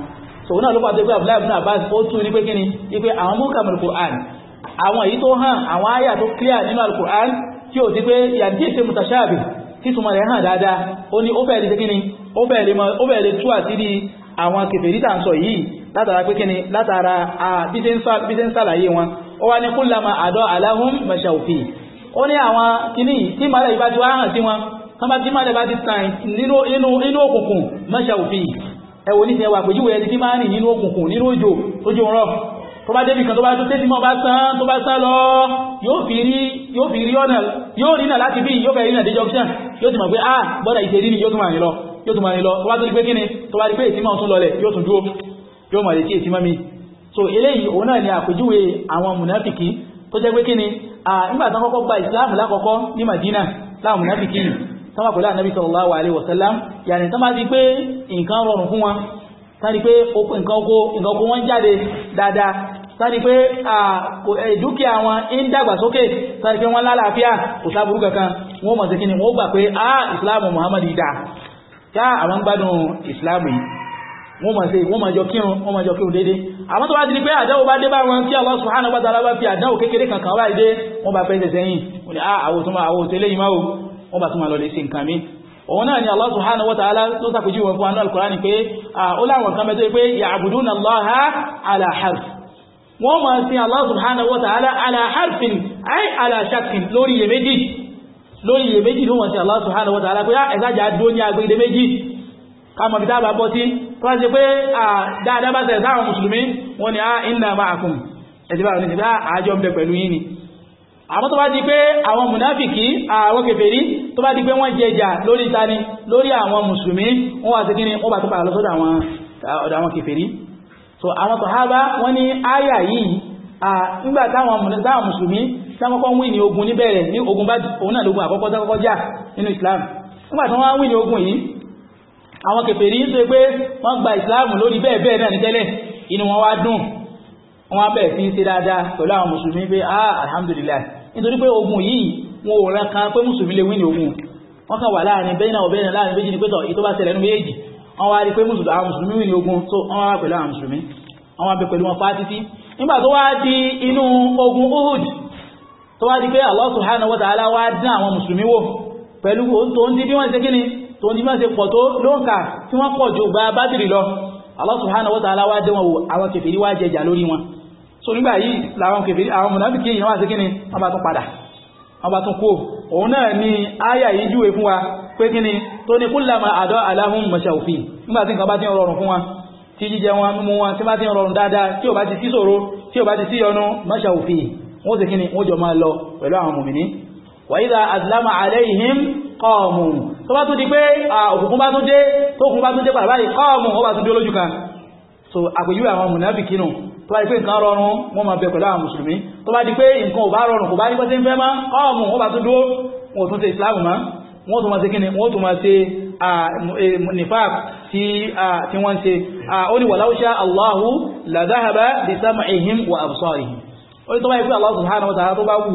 so náà ló pàtó pé Abdullahi ibn Abbas ó tún ní pé kí ni wípé àwọn mú kàmù Al-Qur'an àwọn èyí tó hàn àwọn àyà tó clear nínú Al-Qur'an tí ó ti pé yàtí ìṣe mutashabi títúmọ̀ rẹ̀ hàn dáadáa ó ní ó bẹ̀rẹ̀ kí ni ó bẹ̀rẹ̀ tú àtìrí àwọn kèfèrí tà ń sọ yìí látara pé kí ni látara bí ṣe ń sàlàyé wọn ó wá ní kullama àdọ́ aláhùn mẹ́ṣàwòfì ó ní àwọn kìíní tí mọ́lẹ̀ ìbá ti wá hàn sí wọn tán bá tí mọ́lẹ̀ bá ti tàn nínú òkùnkùn mẹ́ṣàwòfì ẹwọ ní tẹwà pẹ̀jú ẹni tí máa rìn nínú òkùnkùn nínú òjò tójú rọ̀ tó bá débì kan tó bá tó tẹ́sí mọ́ bá sán tó bá sán lọ yóò fi rí ọ̀nà yóò rìnà láti bí yóò bẹ̀rẹ̀ rìnà dejọ́kṣán yóò ti mọ̀ pé ah bọ́dà ìṣèrí ni yóò tún so eléyìí òun náà ni àpèjúwe àwọn mùnáfìkì tó jẹ́ pé kí ni a tán kọ́kọ́ gba ní Madina láwọn mùnáfìkì tán wà pẹ̀lú ànábì sallallahu alaihi wasallam yàní tán bá di pé nǹkan rọrùn fún wọn tán di pé nǹkan oko wọn jáde dáadáa sáàrí pé dúkìá wọn ń ah, islam àwọn gbádùn islam yìí wọ́n máa ṣe wọ́n máa jọ kírun wọ́n máa jọ kírun déédéé àwọn tó bá ti di pé àdáwò bá dé bá wọn tí Allah subhanahu wa ta'ala bá fi àdáwò kékeré kankan wá ìdé wọ́n bá fẹ́ ṣe sẹ́yìn wọ́n ni ah, àwò tó máa àwò tẹ́lẹ̀ yìí máa wọ́n bá tún máa lọ lè ṣe nǹkan mi òun náà ni Allah subhanahu wa ta'ala tó sàpèjú wọn fún anúwàl kùránì pé ah, ó láwọn kan mẹ́tọ́ pé ya'buduna Allaha ala harf wọ́n máa sin Allah subhanahu wa ta'ala ala ay ala shakkin lórí iyèméjì lórí iyèméjì ló wọ́n sin Allah subhanahu wa ta'ala pé ah, ẹ̀sájà dó ní agbègbè méjì kama bi dábàá bọ́ sí tó wá sí pé dáadáa bá ṣẹlẹ̀ sáwọn mùsùlùmí wọn ni a ah, inna ma'akum ẹ̀sìn báwọn ní ah, àjọ ọmọdé pẹ̀lú yìí ni àwọn tó bá di pé àwọn mùnáfìkì àwọn kèfèrí tó bá di pé wọ́n jẹjà lórí tani lórí àwọn mùsùlùmí wọ́n wà sí kíni wọ́n bá tó padà lọ sọ́dọ̀ àwọn kèfèrí so àwọn sàhábà wọ́n ní àyà yìí nígbà táwọn mùsùlùmí sáwọn kọ́ wí ní ogun níbẹ̀rẹ̀ ní ogun bá òun náà lógun àkọ́kọ́ sákọ́kọ́ jà nínú Islam nígbà tí wọ́n wí ní ogun yìí àwọn kèfèrí ń ṣe pé wọ́n gba ìsìláàmù lórí bẹ́ẹ̀ bẹ́ẹ̀ náà ní tẹ́lẹ̀ inú wọn wá dùn wọn bẹ̀rẹ̀ sí ṣe dáadáa pẹ̀lú àwọn mùsùlùmí pé ah alhamdulillah nítorí pé ogun yìí wọn ò rán kan pé mùsùlùmí lè wí ní ogun wọ́n kàn wà láàrin bẹ́ẹ̀ náà ọ̀bẹ́ẹ̀ láàrin méjì ní pẹ́tọ̀ èyí tó bá ṣẹlẹ̀ nínú méjì wọ́n wá rí pé àwọn mùsùlùmí wí ní ogun tó wọ́n wá pẹ̀lú Allah subhanahu wa ta'ala wá dín àwọn mùsùlùmí wò pẹ̀lú tó ń di bí tó ní máa ṣe pọ̀ tó ló ń kà tí wọ́n pọ̀ jù gba bádìrì lọ Allah subhanahu wa ta'ala wá dẹ́wọ̀n wò àwọn kèfèrí wá jẹjà lórí wọn so nígbà yìí làwọn kèfèrí àwọn mùnàfíkì yìí wá sí kíni wọ́n bá tún padà wọ́n bá tún kó òun náà ni áyà yìí júwe fún wa pé kíni tó ní kullama àdọ́ aláhùn mọ̀ṣẹ̀ òfin nígbà tí nǹkan bá ti rọrùn fún wọn tí jíjẹ wọn mímú jọ máa lọ pẹ̀lú àwọn mùmìnì wa idha azlama alayhim kọ́ọ̀mù tó bá tún di pé òkùnkùn bá tún dé tó kùn bá tún dé padà báyìí kọ́ọ̀mù ó bá tún dé olójú kan so àpèjúwe àwọn mùnàfíkì nù tó bá di pé nǹkan rọrùn wọ́n máa bẹ pẹ̀lú àwọn mùsùlùmí tó bá di pé nǹkan ò bá rọrùn kò bá ní pẹ́sẹ́ ń fẹ́ máa kọ́ọ̀mù ó bá tún dúró wọn ò tún ṣe ìsìláàmù mọ́ wọ́n tún máa ṣe kíni wọ́n e, Allahu la dhahaba bi sam'ihim wa absarihim ó ní tó bá di Allah subhanahu wa ta'ala tó bá wù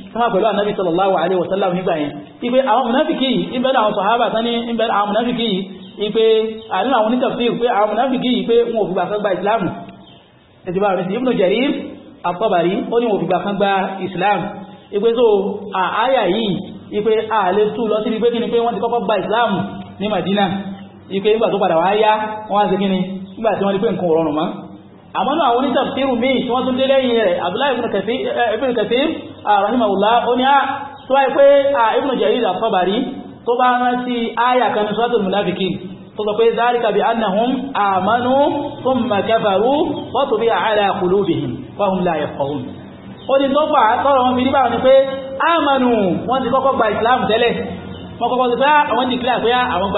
sọ́mà pẹ̀lú ànábì sallallahu alaihi wasallam nígbà yẹn ipe àwọn munafiki yìí ìbẹ̀rẹ̀ àwọn sọ̀hábà tán ní ìbẹ̀rẹ̀ àwọn munafiki yìí ipe àríwá àwọn onítafsir pé àwọn munafiki yìí pé wọn ò fìgbà kan gba ìsìláàmù ẹ̀tìbà rẹ̀ sí ibùdó jẹ̀rí àtọ́bàrí ó ní wọn ò fìgbà kan gba ìsìláàmù ipe tó àáyà yìí ipe ààlẹ́ tú lọ síbi pé kí ni pé wọ́n ti kọ́kọ́ gba ìsìláàmù ní Madina ipe nígbà tó padà wáyá wọ́n wá sí kí ni nígbà tí wọ́n rí pé nǹkan rọrùn mọ́ àmọ́nà àwọn onítafsir míì tí wọ́n tún dé rẹ̀ Abdullahi ibn Kathir eh, Ah, rahimahullah ó ní ah, tó wáyé pé ah, ibùn Jarir àtọ́bàrí tó bá rántí àyà kan ní suratul munafiqin tó sọ pé zalika bi annahum amanu thumma kafaru wa tubi'a ala qulubihim wa hum la yafqahun ó ní tó fà tọ́rọ wọn fi rí báwọn ni pé amanu wọ́n ti kọ́kọ́ gba ìsìláàmù tẹ́lẹ̀ wọ́n kọ́kọ́ ti pé àwọn ti kílà pé àwọn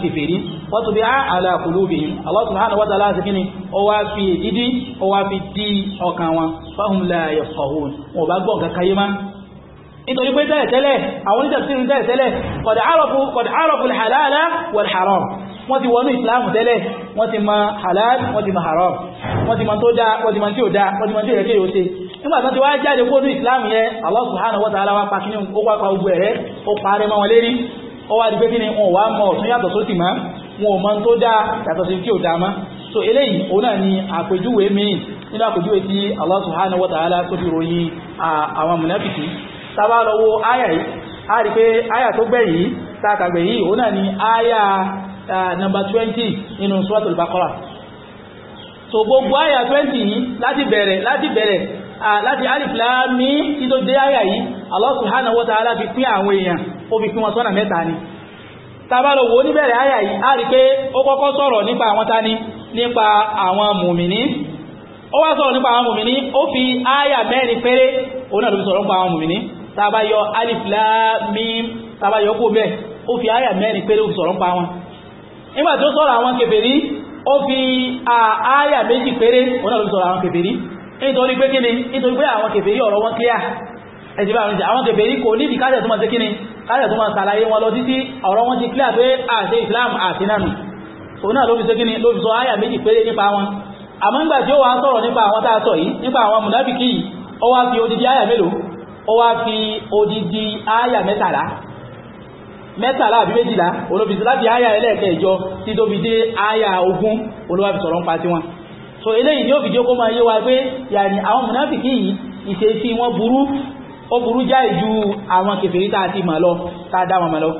gba wọ́n tún bí á àlàkùlù bí Allah subhanahu wa ta'ala sí kíni ó wá fi ìdí ó wá fi dí ọkàn wọn fahum la yafqahun wọn bá gbọ́ nǹkan káyé má nítorí pé tẹ́lẹ̀ tẹ́lẹ̀ àwọn onítẹ̀sí ní tẹ́lẹ̀ tẹ́lẹ̀ ti wá jáde kó ní ìsìláàmù yẹn Allah subhanahu wa ta'ala wá pàkínú ó wá ogun ẹ̀rẹ́ ó parẹ́ mọ́ wọn lérí ó wá di kí ni wọn wá mọ̀ ọ̀tún yàtọ̀ sósì máa wọn ò mọ̀ tó dáa yàtọ̀ sí kí ò dáa mọ́ so eléyìí òun náà ni àpèjúwe míì nínú àpèjúwe tí Allah subhanahu wa tó fi ròyìn àwọn mùnáfìkì tábà lọ wo yìí a rí pé áyà tó gbẹ̀ yìí tá yìí náà ni áyà number twenty nínú so gbogbo áyà 20 láti bẹ̀rẹ̀ láti bẹ̀rẹ̀ láti alif dé yìí fi pín àwọn èèyàn ó fi pín wọn sọ́nà mẹ́ta ni tàbálò wò níbẹ̀rẹ̀ àyà yìí a rí pé ó kọ́kọ́ sọ̀rọ̀ nípa àwọn tani nípa àwọn mùmìní ó wá sọ̀rọ̀ nípa àwọn mùmìní ó fi àyà mẹ́rin péré òun náà ló fi sọ̀rọ̀ nípa àwọn mùmìní tàbáyọ alif lam mim tàbáyọ kó bẹ́ẹ̀ ó fi àyà mẹ́rin péré ó fi sọ̀rọ̀ nípa wọn nígbà tó sọ̀rọ̀ àwọn kèfèrí ó fi àyà méjì péré òun náà ló fi sọ̀rọ̀ àwọn kèfèrí nítorí pé kíni nítorí pé àwọn kèfèrí ọ̀rọ̀ wọn kíyà ẹ̀sìn bá àwọn kèfèrí kò ní ìdíkájẹ̀ tó káyọ̀ tó máa sàlàyé wọn lọ títí ọ̀rọ̀ wọn ti kílà pé àti islam àti nánu So náà ló fi ṣégíní ló fi sọ àyà méjì péré nípa wọn àmọ́ nígbà tí ó wá sọ̀rọ̀ nípa àwọn tàà sọ yìí nípa àwọn mùnáfíkì yìí ó wá fi odidi àyà mélòó ó wá fi odidi àyà mẹ́tàlá mẹ́tàlá àbí méjìlá olóbìsí láti so eléyìí ni ó fi jókòó máa yé wa pé yàní àwọn mùnáfíkì ó burú jáì ju àwọn kèfèrí tá a ti mà lọ tá a dá wọn mà lọ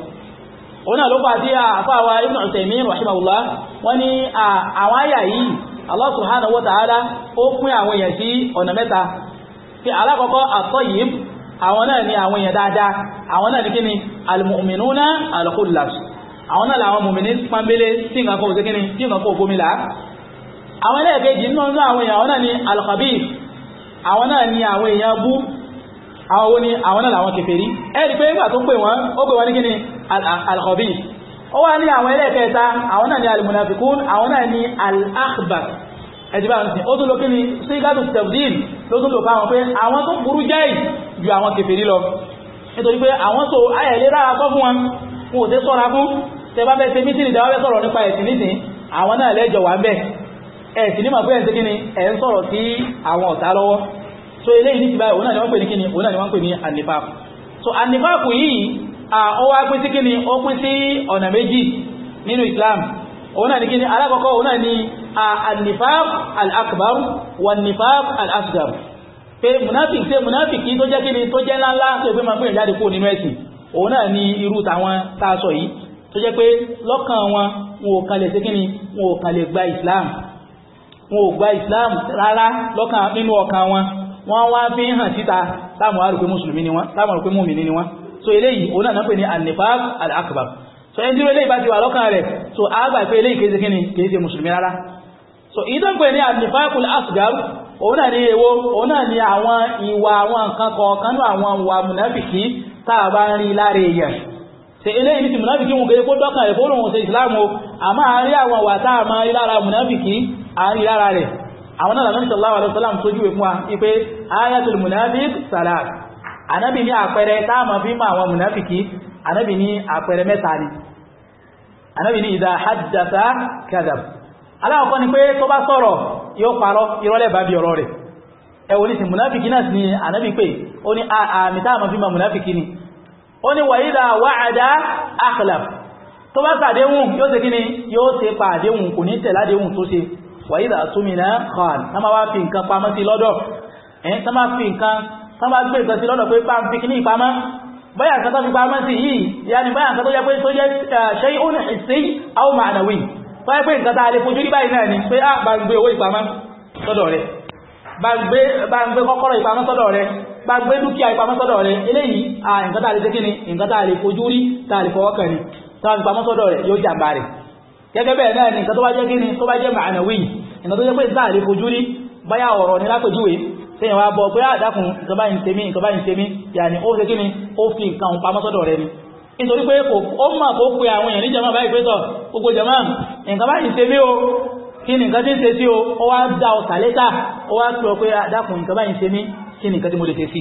òun náà ló pa sí àfáàwà Ibn Uthaymeen rahimahullah wọ́n ní àwọn àyà yìí Allah subhanahu wa ta'ala ó pín àwọn èèyàn sí ọ̀nà mẹ́ta fi alákọ̀ọ́kọ́ at-tayyib àwọn náà ni àwọn èèyàn dáadáa àwọn náà ni kí ni al-mu'minuna al-khullas àwọn náà làwọn mùmìnì pàmbélé tí nǹkan kò sí kí ni tí nǹkan kò gómi là àwọn ẹlẹ́ẹ̀kejì nínú àwọn èèyàn àwọn náà ni al àwọn náà ni àwọn èèyàn bú àwọn ni àwọn náà làwọn kèfèrí ẹ̀rí pé nígbà tó pè wọ́n ó pè wọ́n ní kíni alkọ̀bí ó wá ní àwọn ẹlẹ́ẹ̀kẹta àwọn náà ni almunafikun àwọn náà ni al-akhbar ẹ̀dìbà ní ó tún lọ kíni sí gádùn tẹ̀bdìl ló tún lò fún àwọn pé àwọn tó burú jẹ́ ju àwọn kèfèrí lọ nítorí pé àwọn tó ayẹ̀lẹ́ rárá sọ fún wọn wọn ò tẹ́ sọ́ra fún tẹ bá bẹ́ẹ̀ ṣe mítìrì dáwọ́ bẹ́ẹ̀ sọ̀rọ̀ nípa ẹ̀sìn nísìn àwọn náà lẹ́jọ wà ń bẹ̀ ẹ̀sìn ní màá pé ẹ̀sìn kíni ẹ̀ ń sọ̀rọ̀ sí àwọn ọ̀tá lọ́wọ́ so eléyìí ní ti báyìí òun náà ni wọ́n pè ní kíni òun náà ni wọ́n pè ní anifáàkù so anifáàkù yìí ó wá pín sí kíni ó pín sí ọ̀nà méjì nínú Islam òun náà ni kíni alákọ̀ọ́kọ́ òun náà ni anifáàkù al-akbar wa nifáàkù al-asghar pé munafik ṣe munafik tó jẹ́ kíni tó jẹ́ ńláńlá tó gbé ni irú tàwọn tá a sọ yìí tó jẹ́ pé lọ́kàn wọn Islam wọn ò gba Islam rárá lọ́kàn nínú ọkàn wọn wọ́n wá fi hàn síta láàmù àrùpé mùsùlùmí ni wọ́n láàmù àrùpé mùmìnì ni wọ́n so eléyìí òun náà pè ní al-nifaq so ẹni tí eléyìí bá ti wà lọ́kàn rẹ̀ so àgbà pé eléyìí kìí ṣe kí ni kìí ṣe mùsùlùmí rárá so èyí tó ń pè ní al-nifaq al-asghar òun náà ní èwo òun náà ní àwọn ìwà àwọn nǹkan kọ̀ọ̀kan náà àwọn ìwà a bá ń rí lára èèyàn ṣe eléyìí ti mùnàfìkì wọn àwọn náà lọ́nà sallallahu alaihi wasallam tó júwe fún wa ipé ayatul munafiq salat anábì ní àpẹẹrẹ táàmà fi ma àwọn munafiki anábì ní àpẹẹrẹ mẹ́ta ni anábì ní idha haddatha kadhab aláwọ̀kọ́ ni pé tó bá sọ̀rọ̀ yóò parọ́ irọ́lẹ̀ bá bí ọ̀rọ̀ rẹ̀ ẹ̀wọ̀n ní sí munafiki náà ni anábì pé ó ní àmì táàmà fi ma munafiki ni ó ní wa idha wa'ada akhlaf tó bá ṣàdéhùn yóò ṣe kí yóò ṣe pàdéhùn kò ní tẹ̀ládéhùn tó ṣe wàyídà túnmìnà khan tá máa wá fi nǹkan pamọ́ sí lọ́dọ̀ ẹ̀yìn tá máa fi nǹkan tá máa gbé nǹkan sí lọ́dọ̀ pé bá ń fi kíní ìpamọ́ báyà nǹkan tó fi pamọ́ sí yìí yàní báyà nǹkan tó jẹ́ pé tó jẹ́ ṣe ìhùn ìsí àwọn màánàwì tó yẹ pé nǹkan tá a fojú rí báyìí náà ni pé á ah, bá ń gbé owó ìpamọ́ sọ́dọ̀ rẹ̀ bá ń gbé kọ́kọ́rọ́ ìpamọ́ sọ́dọ̀ rẹ̀ bá gbé dúkìá ìpamọ́ sọ́dọ̀ rẹ̀ eléyìí à nǹkan tá a lè ṣe kíni nǹkan tá a lè fojú rí tá a lè fọwọ́ kàn ní tá a lè pamọ́ sọ́dọ̀ rẹ̀ yóò jàmbá rẹ̀ gẹ́gẹ́ bẹ́ẹ̀ náà ni nǹkan tó bá jẹ́ kíni tó bá jẹ́ màánàwí nǹkan tó jẹ́ pé záàrí fojú rí báyà ọ̀rọ̀ ní lápèjúwe tẹ́yìn wá bọ́ pé àdákùn ìjọba yìí tèmi ìjọba yìí tèmi yàní ó ṣe kíni ó fi nǹkan pamọ́ sọ́dọ̀ rẹ ni nítorí pé o kí ni tí ń ṣe o ó wá dá ọ̀sà lẹ́tà ó wá pè ọ pé àdákùn ah, nǹkan báyìí tèmi kí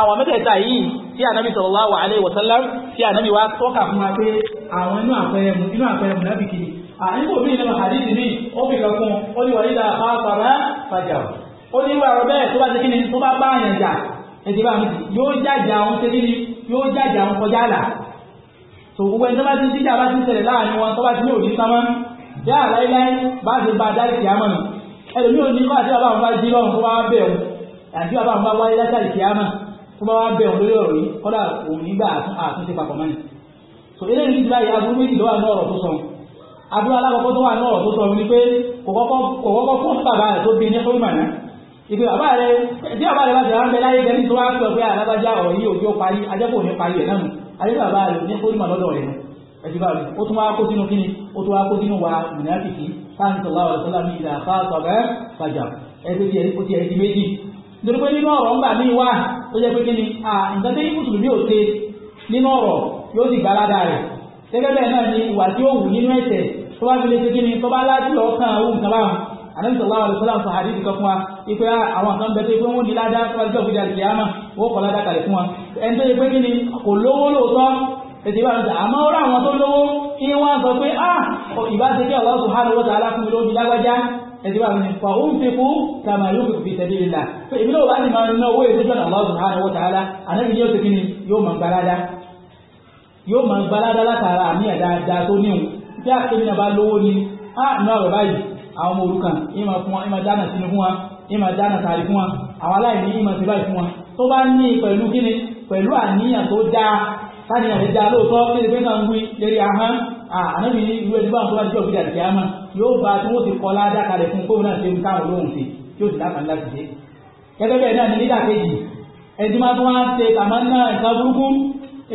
àwọn mẹ́tẹ̀ẹ̀ta yìí tí ànábì sallallahu alaihi wasallam tí ànábì wá tọ́ka fún wa pé àwọn inú àpẹẹrẹ mú inú àpẹẹrẹ mú nábì kìíní àyíkò bí nínú àdíjì ní ó fi kan fún ó ní wàlídà àpapàrá fàjà ó ní wàrọ̀ bẹ́ẹ̀ tó bá ti kí ni tó bá bá àyàn jà ẹ̀dí bá mi yóò jàjà àwọn ṣe kí ni yóò jàjà àwọn kọjá àlà tó gbogbo ẹni tó bá ti ń jíjà bá ti ń ṣẹlẹ̀ tó bá wá bẹ̀ òun lórí ọ̀rọ̀ yìí kọ́dà òun nígbà àtúnṣe papọ̀ mọ́ni so eléyìí ti báyìí aburú méjì ló wà ní ọ̀rọ̀ tó sọ aburú alákọ̀ọ́kọ́ tó wà ní ọ̀rọ̀ tó sọ ni pé kò kọ́kọ́ fún bàbá rẹ̀ tó bí ní ẹ̀kọ́ ìmọ̀ náà ìpè bàbá rẹ̀ tí bàbá rẹ̀ bá ti rán bẹ láyé gẹ́gẹ́ tó wá ń sọ pé alábàjá ọ̀rọ̀ yìí òjò parí ajẹ́kọ̀ọ́ ní parí ẹ̀ náà ayé bàbá rẹ̀ ní ẹ̀kọ́ ìmọ̀ lọ́dọ̀ rẹ̀ náà ẹ̀sìn báyìí ó tún wá kó sínú kíni ó tún wá kó sínú wa mùnàfìkì fáńtì sọ̀lá ọ̀rọ̀ sọ́lá mi ìdá fáàtọ̀ bẹ́ẹ̀ fàjà ẹ̀ tó ẹ̀ ti méjì nítorí pé nínú ọ̀rọ̀ ńgbà míì wà tó jẹ́ pé kí ni nǹkan tẹ́lẹ̀ mùsùlùmí ò ṣe nínú ọ̀rọ̀ yóò sì gbá ládàá rẹ̀ gẹ́gẹ́ bẹ́ẹ̀ náà ni ìwà tí ó wù nínú ẹ̀ṣẹ̀ tó bá fi lè ṣe kí ni tó bá láti lọ kàn áwù nǹkan báwọn ànábì sallallahu alaihi wasallam sọ hadith kan fún wa ipe àwọn kan bẹ tó pé wọn ní ládàá tó bá jọ gbéjà lè yá mà wọn kọ kalẹ̀ fún wa ẹni tó yẹ pé kí ni kò lówó lóòótọ́ ètò ìbára ọjà àmọ́ ó rà àwọn tó lówó kí wọ́n sọ pé ah ìbá ṣe kí Allah subhanahu wa ta'ala fún mi lóbi lágbájá ẹ̀dí bá mi fa òun ti kú kàmá yóò fi fi tẹ̀lé ìlà pé èmi náà wà ní máa ná owó ìdíjọ́ náà Allah subhanahu wa ta'ala ànábi ni yóò ti kíni yóò máa gbalada yóò máa gbalada látara àmì ẹ̀dáadáa tó níwò tí a kébi náà bá lówó ni a nù àrò báyìí àwọn ọmọ òrukàn ìmọ̀ fún wa ìmọ̀ dáná sínú fún wa ìmọ̀ dáná sáré fún wa àwọn aláìní ìmọ̀ sí báyìí fún wa tó bá ní pẹ̀lú kíni pẹ̀lú àníyàn tó dáa táníyàn lè dáa lóòótọ́ kí Ah, ànábì irú ẹni báwọn tó bá jọ gbígbà kí á mọ̀ yóò bá tí wọ́n ti kọ́ ládàá kalẹ̀ fún kóun náà ṣe ń káwọn lóhùn sí tí ó sì láǹfààní láti ṣe. gẹ́gẹ́ bẹ́ẹ̀ náà ní nígbà kejì ẹni tí máa tún wá ń ṣe tàmá náà nǹkan burúkú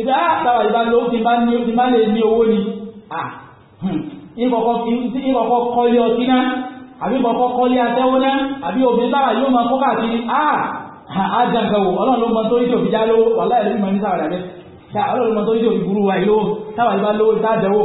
ìgbà àtàwà ah, ìbá ló ti bá ní ti bá lè ní owó ni à ah, ìkọ̀kọ̀ hmm, kọ́lé ọtí náà àbí ìkọ̀kọ̀ kọ́lé atẹ́wó náà àbí obìnrin sábà yóò máa kọ́ káàkiri à àjàǹkàwò ọlọ́run ló mọ tó ní tòbí já lówó wàláì ló mọ ní sábà dàbẹ́ ọlọ́run ló mọ tó ní tòbí burú wa ìlówó sábà ìbá lówó ìta àjẹwó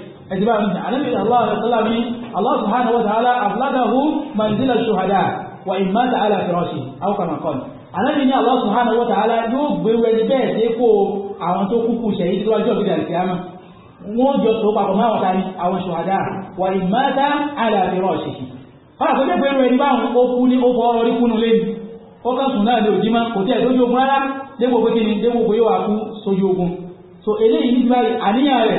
ẹ̀dìbà ń dàn ànábì aláwọ̀ àlẹ́sọ́lá ní Allah subhanahu wa ta'ala afladahu manzila shuhada wa imata ala firashi aw kama qal ànábì ní Allah subhanahu wa ta'ala yóò gbé wẹni bẹ́ẹ̀ dé kó àwọn tó kúkú ṣẹ̀yí tí wájú ọ̀gbìn àlìkíyàmá wọ́n jọ tó papọ̀ máa wọ̀ta ní àwọn shuhada wa imata ala firashi fara kó jẹ́ pé ẹni báwọn ó kú ní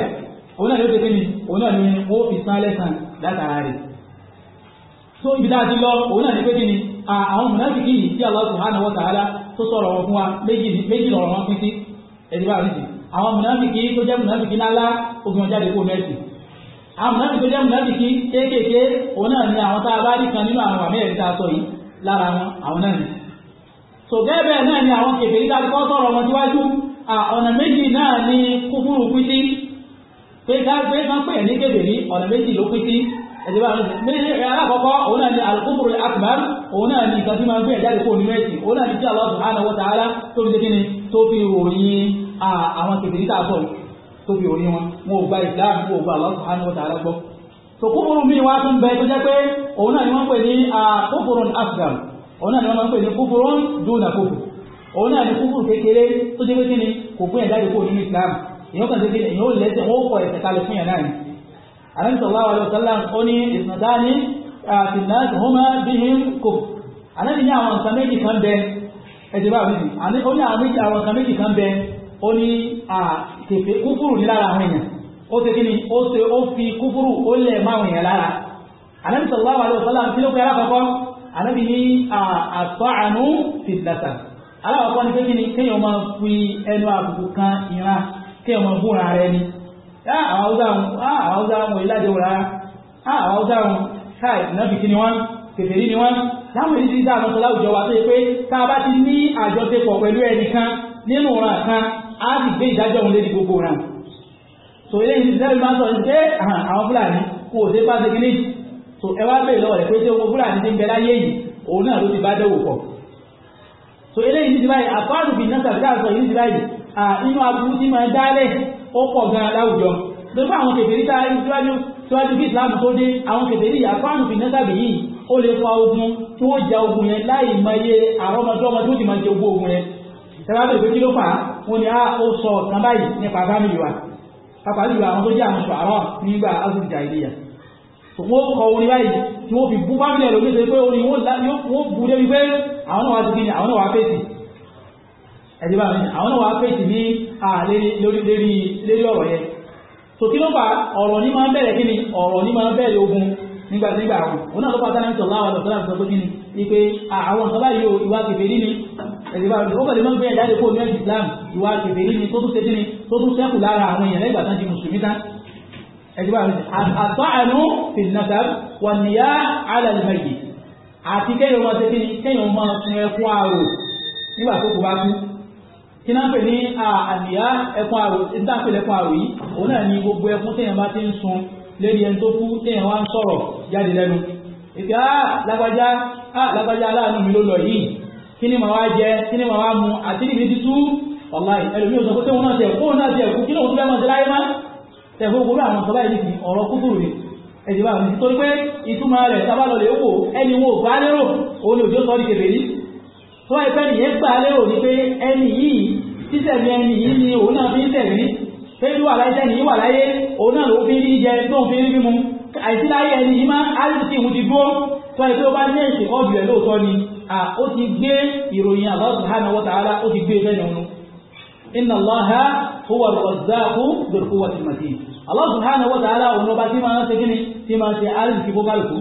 ó òun náà ló tẹ́lẹ̀ mi òun náà ló ní ó fi san látara rẹ̀ tó ibi tá a ti lọ òun náà ní pé kí ni àwọn mùnàfíkì yìí tí Allah subhanahu wa ta'ala tó sọ̀rọ̀ wọn fún wa méjì lọ̀rọ̀ wọn pínpín ẹ̀dí bá rí sí àwọn mùnàfíkì tó jẹ́ mùnàfíkì ńláńlá obìnrin jáde kó mẹ́sì àwọn mùnàfíkì tó jẹ́ mùnàfíkì kéékèèké òun náà a bá rí kan nínú àwọn àmì ẹ̀rí tá a sọ yìí lára wọn àwọn náà ni àwọn kèfèrí sí pé káàgbé máa ń pè ní kébèrè ọ̀nà méjì ló pín sí ẹ̀dẹ̀bà méjì alákọ̀ọ́kọ́ òun náà ni al-kufru al òun náà ni ìkan tí máa ń gbé ẹ̀jáde kó nínú ẹ̀sìn òun náà ni tí Allah subhanahu wa ta'ala tó fi ṣe kíni tó fi ròyìn àwọn kèfèrè tá a sọ tó fi ròyìn wọn wọn ò gba Islam wọn ò gba Allah subhanahu wa gbọ́ so kúkúrú mi wá tún bẹ tó jẹ́ pé òun náà ni wọ́n pè ní kufrun asghar ni wọ́n pè duna kufr òun ni kúkúrú kékeré tó jẹ́ pé kíni kò gbé ẹ̀jáde kó Islam èyàn kan tẹ́kẹ́ èyàn ó lẹ́sẹ̀ wọ́n kọ̀ ẹ̀sẹ̀ kalẹ̀ fún yàrá yìí Ànábì sallallahu alaihi wasallam ó ní ìsìnàdáni àfìnàṣì homa bihim kub Ànábì ní àwọn nǹkan méjì kan bẹ ẹ̀sẹ̀ bá mi ó ní àwọn méjì àwọn fìdásà alákọ̀ọ́kọ́ ni pé kí ni kéèyàn máa fi ẹnu àbùkù kan ìran kí ọmọ búra rẹ ni àwọn haúsá wọn àwọn haúsá wọn ìlàjẹ wọn rárá àwọn haúsá wọn káì ìnáfìkì ni wọn kèfèrí ni wọn láwọn èdè ìdá àwọn ọ̀sọ̀lá òjò tá a bá ti ní àjọṣepọ̀ pẹ̀lú ẹnìkan nínú ọ̀ràn kan á sì gbé ìdájọ́ òun lédi gbogbo ọ̀ràn so eléyìí ti sẹ́yìn máa ń sọ ní pé àwọn fúlàní kò dé bá ṣe kíní so ẹ wá bèèrè lọ́wọ́ rẹ̀ pé tí owó fúlàní ti ń bẹ láyé yìí òun náà ló ti bá dẹ́wò pọ̀ so eléyìí ti báyìí àfáàdùbí náà tàbí káàsọ yìí ti báyìí inú aburú tí máa dálẹ̀ ó pọ̀ gan aláwùjọ lórí àwọn kèfèrí tá a rí síwájú síwájú bí islam tó dé àwọn kèfèrí àfáàmù fi nẹ́sàbì yìí ó lè fa ogun tí wọ́n ja ogun yẹn láì mọye àrọ́mọdọ́mọ tó ti máa jẹ owó ogun yẹn tẹ́lá bẹ̀rẹ̀ pé kí ló fà á wọn ni a ah, ó sọ ọ̀kan báyìí nípa fámìlì wa pàpà jùlọ àwọn tó jẹ́ àwọn ṣọ̀rọ̀ nígbà azùjà ìlíyà wọ́n kọ orin báyìí tí wọ́n fi bú fámìlì ẹ̀ lómi ṣe pé orin wọ́n bú débi pé àwọn náà wá ti fi àwọn náà wá fèsì ẹ̀dí bá mi àwọn wà pèsè ní ààrẹ lórí ọ̀rọ̀ yẹn so kí ló fà ọ̀rọ̀ ní máa bẹ̀rẹ̀ kí ni ọ̀rọ̀ ní máa bẹ̀rẹ̀ ogun nígbà nígbà àwọn òun náà ló pàtàkì ní sọ̀lá àwọn ọ̀sán àti kí ni ipe àwọn ọ̀sán báyìí o ìwà kèfèrí ni ẹ̀dí bá mi ó pẹ̀lú mọ́gbẹ́ ẹ̀dá lè kó ní Islam ìwà kèfèrí ni tó tún ṣe kí ni tó tún ṣẹ́kù lára àwọn èèyàn lẹ́gbàá tán di mùsùlùmí tán ẹ̀dí bá mi àtọ́ànú fìdínàtàb wà níyà alàlùmẹ̀yì àti kẹ́yìn wọn ṣe kí ni kẹ́yìn wọn sun ẹkún bá kú kí náà pè ní àníyá ẹkún àrò ìdáǹpè lẹ́kún àrò yìí òun náà ni gbogbo ẹkún téèyàn bá ti ń sun lérí ẹni tó kú téèyàn wá ń sọ̀rọ̀ jáde lẹ́nu ìpè á lágbájá á lágbájá aláàánú mi ló lọ yìí kí ni màá wá jẹ kí ni màá wá mu àti níbi títú ọ̀la ẹlòmíì ò sọ pé tóun náà ti ẹ̀kú náà ti ẹ̀kú kí lóun tó fẹ́ mọ̀ sí láyé má tẹ̀kú gbogbo àwọn sọ ni ẹ̀dì bá mi torí pé ìtumọ̀ rẹ̀ sábà lọ lè wò ẹni wo bá lérò tó ẹgbẹ́ nìyẹn gbà lérò ní pé ẹni yìí títẹ̀mí ẹni yìí ni òun náà fi ń tẹ̀mí pé bí wà láyé tẹ́ni yìí wà láyé òun náà ló fi rí jẹ tó ń fi rí mímu àìsí láyé ẹni yìí máa áìsì ìhun ti dúró tó ẹgbẹ́ ó bá ní èsì ọ̀bì ẹ̀ lóòótọ́ ni ó ti gbé ìròyìn Allah subhanahu wa ta'ala ó ti gbé fẹ́ni e ọ̀run inna Allaha huwa ar-razzaqu dhul quwwati al-matin Allah subhanahu wa ta'ala òun ló tí máa ń ṣe kíni tí máa ń ṣe áìsì kó kálukú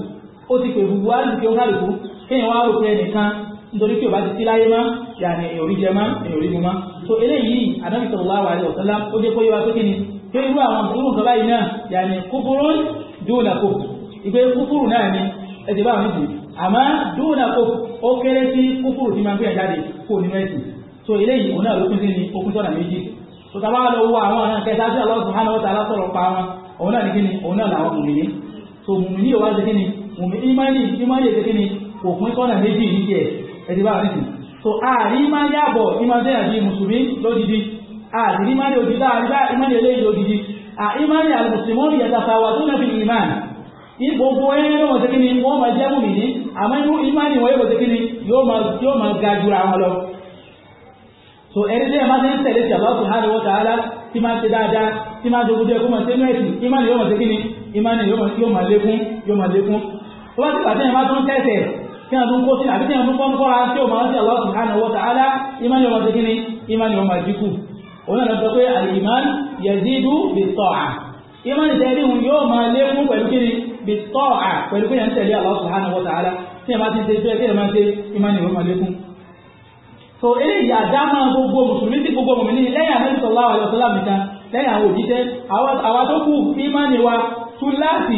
ó ti pè gbogbo áìsì kó kálukú kéèyàn wá rò pé ẹnìkan nítorí pé o bá ti sí láyé mọ́ yàní èyòrí jẹ mọ́ èyòrí mu mọ́ so eléyìí Ànábì sallallahu alaihi wasallam ó jẹ́ kó yẹ wá pé kí ni pé irú àwọn irú nǹkan báyìí náà yàní kúkúrú dúnà kò ìgbé kúkúrú náà ni ẹ̀jẹ̀ báwọn nìyí àmọ́ dúnà kò ó kéré sí kúkúrú tí máa ń gbé jáde kó nínú ẹ̀sìn so eléyìí òun náà ló pín sí ni okun tọ́nà méjì so tá a bá lọ wo àwọn ọ̀nà kẹta Allah subhanahu wa ta'ala sọ̀rọ̀ pa wọn òun náà ní kíni òun so mùmìnì yóò wá sí kíni mùmìnì ìmánì ìmánì ètè kíni kò pín sọ́nà méjì ní ẹ̀dí bá rìn so ààrí máa yàbọ̀ ìmọ̀dé àti mùsùlùmí lódìdí ààrí ìmọ̀dé òdìdá àrídá ìmọ̀dé eléyìí lódìdí àìmọ̀dé àlùmùsùlùmí yàtàfàwà tó nàbí ìmán gbogbo ẹni yóò mọ̀ sí kíni wọ́n máa jẹ́ mùmí ní àmọ́ inú ìmánì wọn yóò mọ̀ sí kíni yóò máa ga jura wọn lọ so ẹni tí ẹ máa ń tẹ̀lé sí Allah subhanahu wa ta'ala tí máa ń ṣe dáadáa tí máa ń dogun jẹ́ kó máa ṣe mẹ́sì ìmánì yóò mọ̀ sí kíni ìmánì yóò máa lékún yóò máa lékún ó bá ti pàṣẹ ẹ̀ máa tún tẹ̀sẹ̀ tí a tún kó sí àbí tí a tún kọ́ ń kọ́ra tí ó máa ń sí Allah subhanahu wa ta'ala ìmánì ọmọ ti kíni ìmánì ọmọ dínkù òun náà lọ pé al-iman yazidu bit-ta'a ìmánì tẹ́lẹ̀ ìhun yóò máa lé fún pẹ̀lú kíni bit-ta'a pẹ̀lú pé yẹn tẹ̀lé Allah subhanahu wa ta'ala tí a bá ti ṣe tó yẹ kí ẹ máa ṣe ìmánì ọmọ lé fún. so eléyìí àdámà gbogbo mùsùlùmí sí gbogbo mùmìnì lẹ́yìn Ànábì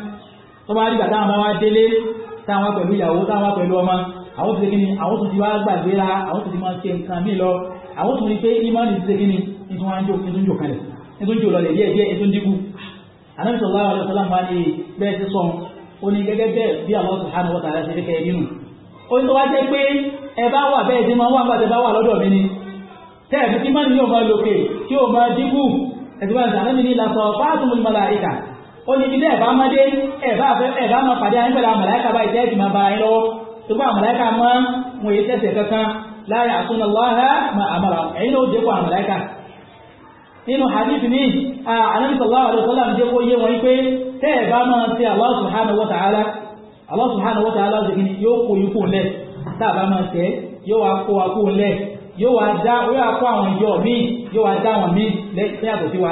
tó bá rí bàtà àwọn wá délé táwọn pẹ̀lú ìyàwó táwọn pẹ̀lú ọmọ àwọn tó ti kíni àwọn tó ti wá gbàgbé ra àwọn tó ti máa ṣe nǹkan mí lọ àwọn tó ti pé ìmọ̀ọ́nì ti ṣe kíni nítorí wọn jò nítorí jò kalẹ̀ nítorí jò lọlẹ̀ díẹ̀ díẹ̀ nítorí dínkù Ànábì sallallahu alaihi wasallam máa ní bẹ́ẹ̀ ti sọ ó ní gẹ́gẹ́ bẹ́ẹ̀ bí Allah subhanahu wa ta'ala ṣe fi kẹ́ ẹ nínú ó ní tó wá jẹ́ pé ẹ bá wà bẹ́ẹ̀ tí máa wà gbàtẹ́ bá wà lọ́dọ̀ mi ni tẹ́ẹ̀fì tí máa nílò máa lòkè tí ó máa dínkù ẹ̀sìn máa ń sàánú mi ní ìlàsọ̀ fáàtùmù màláíkà ó ní bídẹ́ ẹ̀bá mọ́dé ẹ̀bá mọ́ pàdé ayé pẹ̀lú àmàláìka bá ìtẹ́ ìdìmọ̀ bá ayé lọ́wọ́ ṣùgbọ́n àmàláìka mọ́ wọn èyí tẹ̀sẹ̀ kankan láàrin àtúnlọ lọ́ha ma àmàlà ẹ̀yìn náà dẹ́kọ̀ àmàláìka nínú hadith ní Ànábì sallallahu alaihi wasallam jẹ́ kó yé wọn pé tẹ́ ẹ̀bá mọ́ ti Allah subhanahu wa ta'ala Allah subhanahu wa ta'ala ọ̀sẹ̀ kìíní yóò kó ikú lẹ̀ táàbá máa tẹ́ yóò wá kó wa kú lẹ̀ yóò wá dá yóò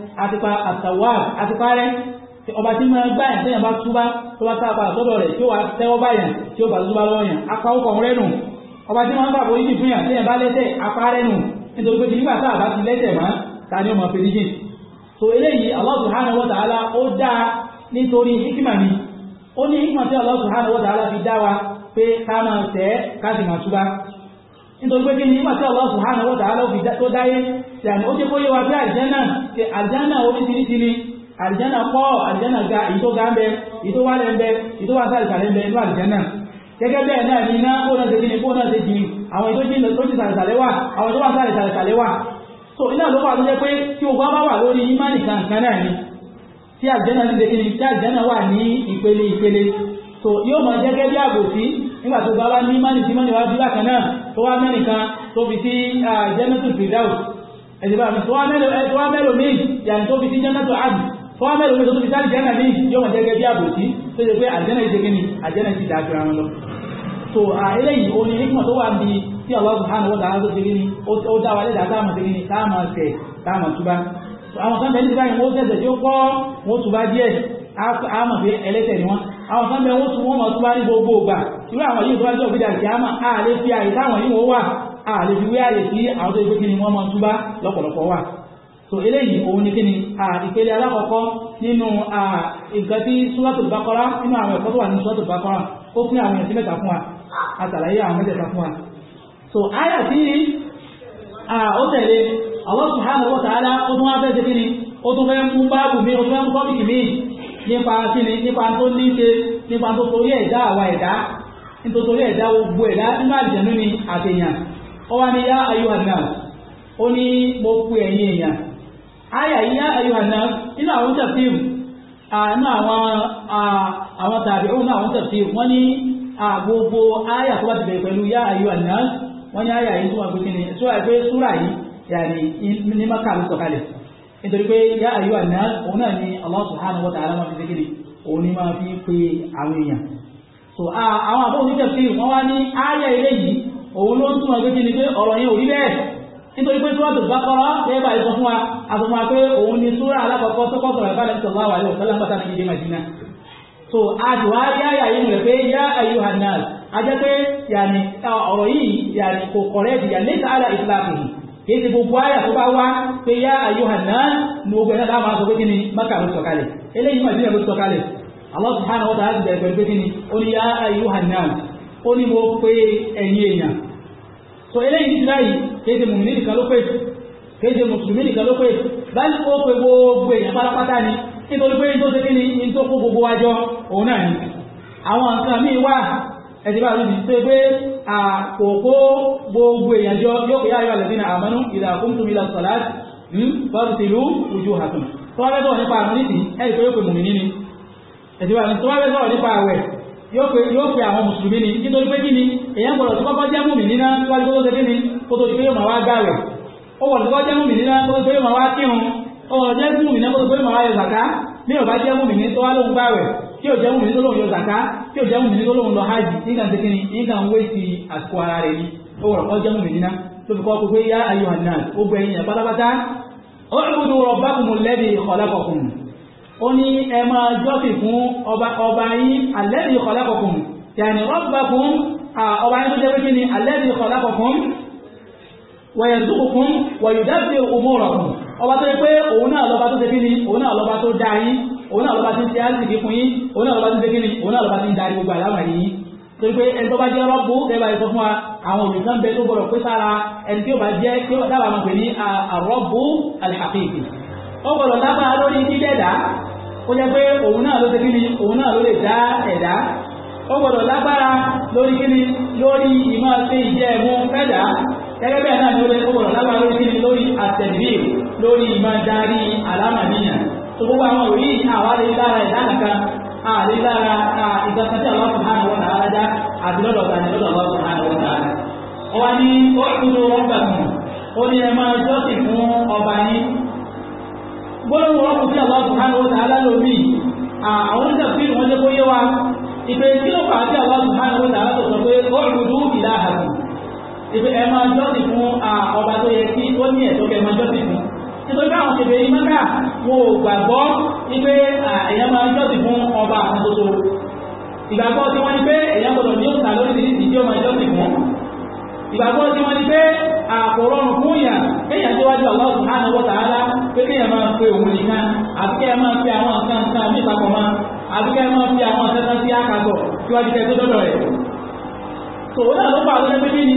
àtipa àtàwà àtipa rẹ̀ ọba tí máa gbáyà tẹ́yàn bá túbá tó bá sáà padà sọ́dọ̀ rẹ̀ tí ó wà tẹ́wọ́ báyà tí ó bá túbá ọba tí máa ń gbàgbọ́ yìí fún yàn tẹ́yàn bá lẹ́sẹ̀ apá rẹ̀ nù nítorí pé nígbà tá a bá ti mọ́ ta ni ó eléyìí ta'ala ó dá nítorí hikima ni ó ní hikima tí fi wa pé ká máa tẹ́ máa nítorí pé kí ni nígbà tí Allah subhanahu wa ta'ala tó dáyé yàní ó ti kó yé wa bí àlìjánà ṣe àlìjánà oríṣiríṣi ni àlìjánà pọ̀ àlìjánà ga èyí tó ga ń bẹ èyí tó wà lẹ́ ń bẹ èyí tó wà sáré sàlẹ̀ ń bẹ inú àlìjánà gẹ́gẹ́ bẹ́ẹ̀ náà ni iná kó náà ṣe kí ni kó náà ṣe jìnnì àwọn èyí tó ti sàlẹ̀ sàlẹ̀ wà àwọn èyí tó wà sáré sàlẹ̀ sàlẹ̀ wà so iná ló wà ló jẹ́ pé tí ogun bá wà lórí ìmánì kankan náà ni tí àlìjánà ní ṣe kí ni tí àlìjánà wà ní ìpele ìpele so yóò máa jẹ́ gẹ́gẹ́ bí àbòsí nígbà tó bá wá ní mánì tí mánì wá bí bákan náà tó wá mẹ́rin kan tó fi sí jẹ́nẹ́tù fìdáwù ẹ̀sìnbà mi tó wá mẹ́rin mi yàtọ̀ tó fi sí jẹ́nẹ́tù àbù tó wá mẹ́rin mi tó fi sí àjẹ́nà mi yóò wọ́n jẹ́gẹ́ bí àbòsí tó ṣe pé àjẹ́nà ìṣe kíni àjẹ́nà ti dájú ara wọn lọ. tó eléyìí o ní nígbà tó wà bí tí Allah subhanahu wa ta'ala tó ṣe kíni ó dá wa lédàá táàmù ṣe kíni táàmù ṣe táàmù túbá àwọn kan bẹ̀rẹ̀ àmọ̀ pé ẹlẹ́tẹ̀ ni wọ́n àwọn kan bẹ tún wọ́n mọ̀ tó bá ní gbogbo ìgbà irú àwọn yìí tó bá jẹ́ àmọ̀ àlè fi àyè táwọn yìí wọ́n wà àlè fi wé àyè sí àwọn tó yẹ ni wọ́n mọ̀ tó bá lọ́pọ̀lọpọ̀ wà so eléyìí òun ni kí ni ìpele alákọ̀ọ́kọ́ nínú nǹkan tí Suratul Baqara nínú àwọn ẹ̀kọ́ tó wà nínú Suratul Baqara ó fún àwọn ẹ̀sìn mẹ́ta fún wa àtàlàyé àwọn mẹ́tẹ̀ẹ̀ta fún wa so àyà tí ó tẹ̀lé Allah subhanahu wa ta'ala ó tún wá fẹ́ ṣe kí ó tún fẹ́ mú báàbù mi ó tún fẹ́ mú kọ́mìkì mi nípa kíni nípa tó ní ṣe nípa tó torí ẹ̀dá àwa ẹ̀dá nítorí torí ẹ̀dá gbogbo ẹ̀dá nínú ni àtẹ̀yàn ó wá ní yá ayyuhan nas ó ní mo ku ẹ̀yìn èèyàn ayà yìí yá ayyuhan nas nínú àwọn tafsir nínú àwọn àwọn tàbí òun náà àwọn tafsir wọ́n ní gbogbo ayà tó ti bẹ̀rẹ̀ pẹ̀lú yá ayyuhan nas wọ́n ní ayà yìí tó wà pé kíni tó wà pé súrà yìí yàrá ní ló sọ̀kalẹ̀ nítorí pé yá àyíwá náà òun náà ni Allah subhanahu wa ta'ala máa fi ṣe kéde òun ni máa fi pe àwọn èèyàn so àwọn àbọ̀ oníkẹ́ sí wọ́n wá ní ayé ilé yìí òun ló ń túnmọ̀ pé kí ni pé ọ̀rọ̀ yẹn ò rí bẹ́ẹ̀ nítorí pé tí wọ́n tó Baqara lẹ́yìn báyìí sọ fún wa àtọ̀mọ́ pé òun ni súrà alákọ̀ọ́kọ́ tó kọ́kọ́ rẹ̀ báyìí sọ̀rọ̀ àwọn àyẹ̀wò fẹ́lẹ́ pàtàkì ìdí Màdínà so àdùá yá àyè rẹ̀ pé yá ayé hànàl a jẹ́ pé ọ̀rọ̀ yìí kò kìí ṣe gbogbo ya tó wá pé yá ayyuhan nas ní gbogbo ẹ̀dá máa sọ pé kí ni mẹ́kà ló sọ̀kalẹ̀ eléyìí ló sọ̀kalẹ̀ wa bẹ̀rẹ̀ pé kí ni so eléyìí ti láyìí kìí ṣe nìkan ló pè kìí ṣe mùsùlùmí nìkan ló pè báyìí ó pe gbogbo èèyàn pátápátá ni nítorí pé ní tó ṣe kí ni ẹ̀sìn bá rí bí tó pé àkókò gbogbo èèyàn jọ yóò pé yára lè dínà àmọ́nú ìlà àkóńtò ìlà sọ̀lá bọ́ọ̀lù tìlú ojú àtùn tó wá fẹ́ sọ̀rọ̀ nípa àmọ́ nìsí ẹ̀rì pé yóò pè mùmí nínú ẹ̀sìn bá rí tó wá fẹ́ sọ̀rọ̀ nípa àwẹ̀ yóò pè àwọn mùsùlùmí ni nítorí pé kí ni èèyàn gbọ́dọ̀ tó kọ́kọ́ jẹ́ mùmí nínú wájú tó ṣe kí ni tí ò jẹ́ wùmí tó lóun yọ zaka tí ò jẹ́ wùmí tó lóun lọ hajj nígbà tí kìíní nígbà ń wéṣì àsìkò ara rẹ̀ ni ó wọ̀rọ̀ kọ́ jẹ́ wùmí nínà tó fi kọ́ pé yá ayò àná ó gbẹ ẹyin pátápátá ó rúdú rabbakumul ladhi khalaqakum ó ní ẹ máa jọ́sìn fún ọba ọba yín alladhi khalaqakum yàní rabbakum ọba yín tó jẹ́ pé kí ni alladhi khalaqakum òun náà lọ́ba ti ń ṣe àṣìkí fún yín òun náà lọ́ba ti ń ṣe kíni òun náà lọ́ba ti ń darí gbogbo àlámà yìí torí pé ẹni tó bá jẹ́ rọ́bù ẹ̀bà ìsọ fún wa àwọn òbí kan bẹ tó gbọdọ̀ pé sára ẹni tí ó bá jẹ́ tí ó dábàá máa pè ní àrọ́bù alhàkìkì ó gbọdọ̀ dábàá lórí dídẹ̀dá ó jẹ́ pé òun náà ló ṣe kíni òun náà ló lè dá ẹ̀dá ó gbọdọ̀ lágbára lórí kíni lórí ìmọ̀ sí ìjẹ́ ẹ̀mú fẹ́dà gẹ́gẹ́ bẹ́ẹ̀ náà ló gbọdọ̀ lágbára lórí kíni lórí àtẹ̀bí lórí ìmọ̀ darí alámàníyàn tó gbogbo àwọn òrí àwa lè lára ìdáhà kan a lè lára ìgbàkan tí àwọn ọkùnrin àwọn ọ̀nà alájá àti lọ́dọ̀ ọ̀gá ni lọ́dọ̀ ọkùnrin àwọn ọ̀nà alájá. ọba ní ó kúrò ọgbà kan ó ní ẹ máa jọ́sìn fún ọba yín. gbọ́dọ̀ wọ́n kú sí àwọn ọkùnrin àwọn ọ̀nà alálò mí àwọn oníṣàfihàn wọn jẹ́ kó yé wa ìpè tí ó fà á sí àwọn ọkùnrin àwọn ọ̀nà alálò sọ pé ó kúrò ìlà àbù ìpè ẹ máa fún ọba tó yẹ kí ó ní ẹ̀tọ́ kẹ máa jọ́sìn fún nítorí pé àwọn ṣèbèrè mẹ́ta wọn ò gbàgbọ́ wípé èèyàn máa ń jọ́sìn fún ọba àtúntò ìgbàgbọ́ tí wọ́n ní pé èèyàn gbọ́dọ̀ ní òǹtà lóríṣiríṣi tí ó máa jọ́sìn fún ìgbàgbọ́ tí wọ́n ní pé àkòrọ̀rùn fún ìyà kéèyàn tó wájú Allah subhanahu wa ta'ala pé kéèyàn máa pe òun nìkan àti kéèyàn máa fi àwọn nǹkan nǹkan mí ìpapọ̀ máa àti kéèyàn máa fi àwọn nǹkan sí àkàtọ̀ síwájú kẹ́ẹ̀ tó dọ́dọ̀ rẹ̀ tó wọn náà ló pa àwọn ẹgbẹ́ ní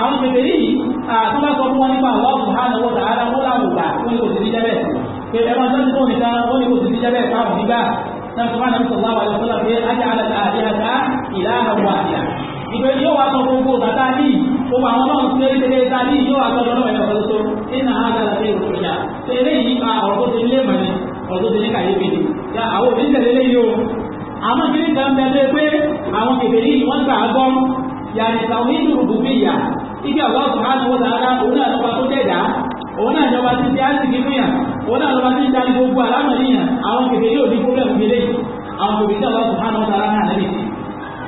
àwọn pèpè yìí tó bá sọ fún wọn nípa àwọn ọ̀sùn hàn lọ́wọ́ tààrà wọn làwọn ògbà wọn kò sì ní jẹ́ bẹ́ẹ̀ pé ẹ máa tẹ́lẹ̀ fún nìkan wọn ni kò sì ní jẹ́ bẹ́ẹ̀ fáwọn nígbà náà fún wọn sọ láwọn àlọ́ sọ́lá pé ajá àlàkà àti àgbà ìlà àwọn àdìyà ìgbẹ́ yóò wá sọ gbogbo tàtà ní gbogbo àwọn náà ti lé lé ta ní yóò wá sọ lọ́wọ́ ẹ̀ka tuntun nínú àwọn àgbàlagbà ìròyìn ṣe eléyìí nípa ọ̀rọ̀ tó ti lé mọ̀ ní ọ̀rọ̀ tó ti ní kàyéfì ni àwọn òbí tẹ̀lé lé yìí o àmọ́ kí ní kan bẹ́ẹ̀ pé àwọn kèfèrí wọ́n gbà á gbọ́ yàrá ìsàwọn ìlú rògbòmíyà ibi àwọn àbùkánù wọn dáadáa òun náà lọ́ba tó dẹ̀dá òun náà lọ́ba tí ti á sì nínú yàn òun náà lọ́ba tí ń darí gbogbo àlámà níyàn àwọn kèké yóò ní pọ́blẹ́mù gbélé àwọn kèké tí àwọn àbùkánù wọn dáadáa náà lẹ́yìn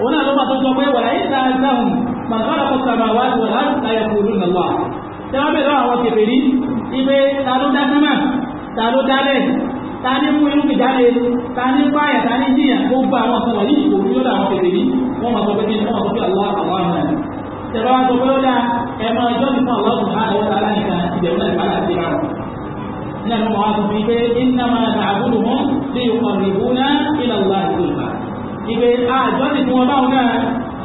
òun náà lọ́ba tó sọ pé wàlá yìí sáà sáhùn màkàrà kò sàmà wá sí wàlá àyà kò lù nàlọ́ tí wọ́n bẹ̀rẹ̀ àwọn kèké rí ibẹ̀ ta ló dá sánmà ta ló dá ta ní mú irúgbìn jáde ta ní pààyà ta ní jìyà gbogbo àwọn sọ̀rọ̀ yìí wọ́n máa sọ pé kí ni wọ́n máa sọ pé àwọn àwọn àmì náà tẹ̀lé wọn sọ pé ó dáa ẹ máa jọ́ ní fún àwọn ọ̀sán àwọn ọ̀sán aláìka ìbẹ̀rù náà ìbára àti ìbára nínú àwọn àwọn àtúntò yìí pé iná máa ta àbúrò wọn lè kọ̀ rìbú náà ilà wà lóba ìgbé àjọ ní wọn báwọn náà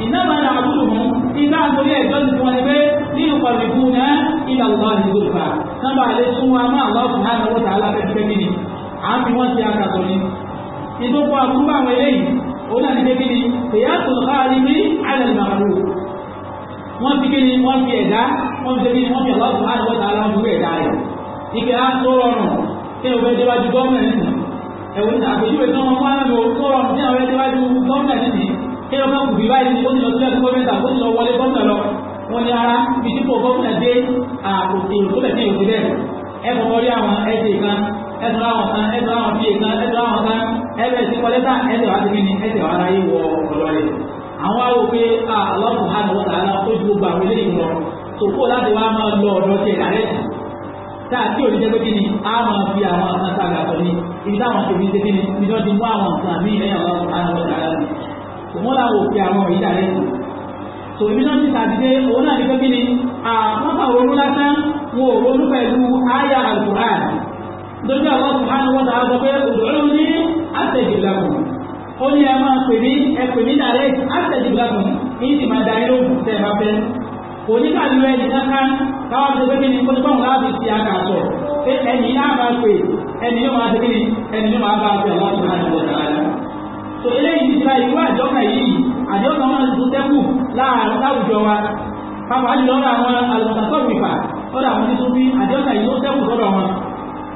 iná máa ta àbúrò wọn iná àgbórí ẹ̀jọ́ ní ni pé lè kọ̀ rìbú náà ilà wà lóba nọ́mbà àlẹ́ tún wa máa lọ́ọ̀tún náà lọ́wọ́ tààlà fẹ́ẹ́ fẹ́ẹ́ à òun náà ní pé kíni tèyà tó lọ́ka rí ní àlẹ́ ìmàlú wọ́n fi kíni wọ́n fi ẹ̀dá wọ́n fi kíni wọ́n fi àwọn àwọn àwọn àwọn àwọn àwọn ẹ̀dá rẹ̀ ike á tó rọrùn tí o fẹ́ déwájú gọ́ọ̀mẹ̀ nínú ẹ̀wọ̀n ní àpèjúwe tó wọn fún àlọ́ tó rọrùn tí o fẹ́ déwájú gọ́ọ̀mẹ̀ nínú kí o má kù bí báyìí ní kóńtì lọ sílẹ̀ fún gọ́ọ̀mẹ̀ntà kóńtì lọ wọlé gọ́ọ̀mẹ̀ lọ wọn ni ara ibi tí kò gọ́ọ̀mẹ̀ dé àpòtì òṣèlú ẹ̀ ẹ̀sùn àwọn kan ẹ̀sùn àwọn bíi kan ẹ̀sùn àwọn kan ẹ̀bẹ̀ sí kọ́lẹ́tà ẹ̀sùn àti kíni ẹ̀sùn ara yìí wọ ọ̀rọ̀ rẹ̀ àwọn awo pé alọ́kù ha ni wọ́n ta ara ó ju gbogbo àwọn eléyìí lọ tòkó láti wá máa lọ ọ̀dọ̀ tiẹ̀ lálẹ́ jù tá a tí ò ní jẹ́ pé kíni a máa fi àwọn nǹkan tá a gbà sọ ní ibi táwọn kò ní ṣe kíni ibi tí wọ́n ti mú àwọn nǹkan mí lẹ́yìn àwọn ọ̀sán àwọn ọ̀sán àwọn ọ̀sán àwọn òfin àwọn òyìn dàrẹ́ jù tò ibi náà ti tàbídé òun náà ní pé kíni àwọn àwọn ronú lásán wọn ò ronú pẹ̀lú áyà àlùkò áyà nítorí àwọn subhanahu wa ta'ala sọ pé òdòdó ní àtẹ̀jìlágùn ó ní ẹ máa pè ní ẹ pè ní dàrẹ́ àtẹ̀jìlágùn ní ti máa da ẹ lóhùn tẹ́ ẹ bá fẹ́ kò ní ká lu ẹni kankan káwá ti pé ní kótó báwọn láti ti àkà sọ pé ẹni náà máa pè ẹni yóò máa tẹ́kẹ́ ẹni yóò máa bá àti àwọn subhanahu wa ta'ala so eléyìí ti ra ìlú àjọkà yìí àjọkà wọn ti sẹ́kù láwùjọ wa pàápàá jùlọ àwọn alùpàtàkọ̀ wípà lọ́dọ̀ àwọn títún bí àjọkà yìí ó sẹ́kù lọ́dọ̀ wọn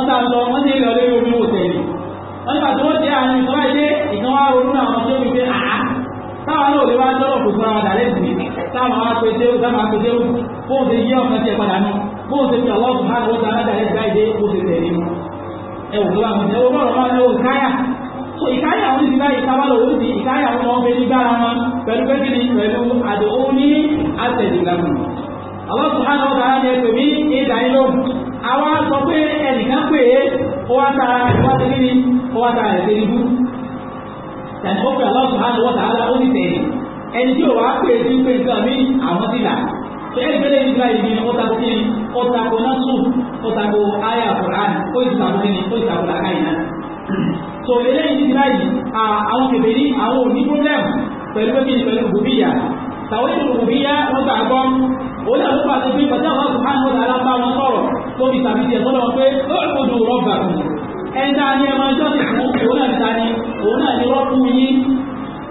wọ́n sá lọ wọ́n sì lọ lórí omi òtẹ̀lì wọ́n nígbà tí wọ́n jẹ́ àárín ìtọ́wá ilé ìkan wá ronú àwọn tó wípé àá táwọn náà lè wá tọ́lọ̀ kò fún àwọn àdàlẹ́ sí táwọn wá pé dérú táwọn pé dérú bóun ti yí ọ̀kan tiẹ̀ padà nù bóun ti fi ọlọ́ọ̀kùn máa lọ́wọ́ sáà ládàlẹ́ sí láìdé ó ti tẹ̀lé ẹ wò ló àwọn ìṣẹ́wó bọ́ọ̀lù máa lọ́wọ́ káyà so ìkáyà wọn ti báyìí sábàlọ̀ ó ti ìkáyà wọn wọn fẹ́ nígbàra wọn pẹ̀lú pé kí ni pẹ̀lú àdó ó ní àtẹ̀lé lánàá àwọn sùhánà àwọn sọ pé ẹnìkan pè é ó wá tara ẹ̀fọ́ ti níbi ó wá tara ẹ̀fẹ́ níbú tàbí ó pè Allah subhanahu wa ta'ala ó sì tẹ̀lé ẹni tí ò wá pè é sí pé nǹkan mi àwọn ti là ṣé ẹgbẹ́lẹ́ ìgbà ìbí ó ta sí ó ta ko násù ó ta ko ayé àkùrán ó sì ta ko kíni ó sì ta ko làkàyè náà so eléyìí ti báyìí àwọn kèbè ní àwọn òní problem pẹ̀lú pé kíni pẹ̀lú òbíyà tàwọn ìṣòro òbíyà wọ́n gbà gbọ́ òun náà ló pàṣẹ pé pàṣẹ àwọn àkùrán ó dára bá wọn sọ̀rọ̀ tó fi tàbí tiẹ̀ sọ́dọ̀ wọn pé lọ́ọ̀dù rọ́bà kù ẹ̀ńdá ni ẹ̀ máa jọ́sìn fún òun náà ta ni òun náà ni rọ́ọ̀kù yín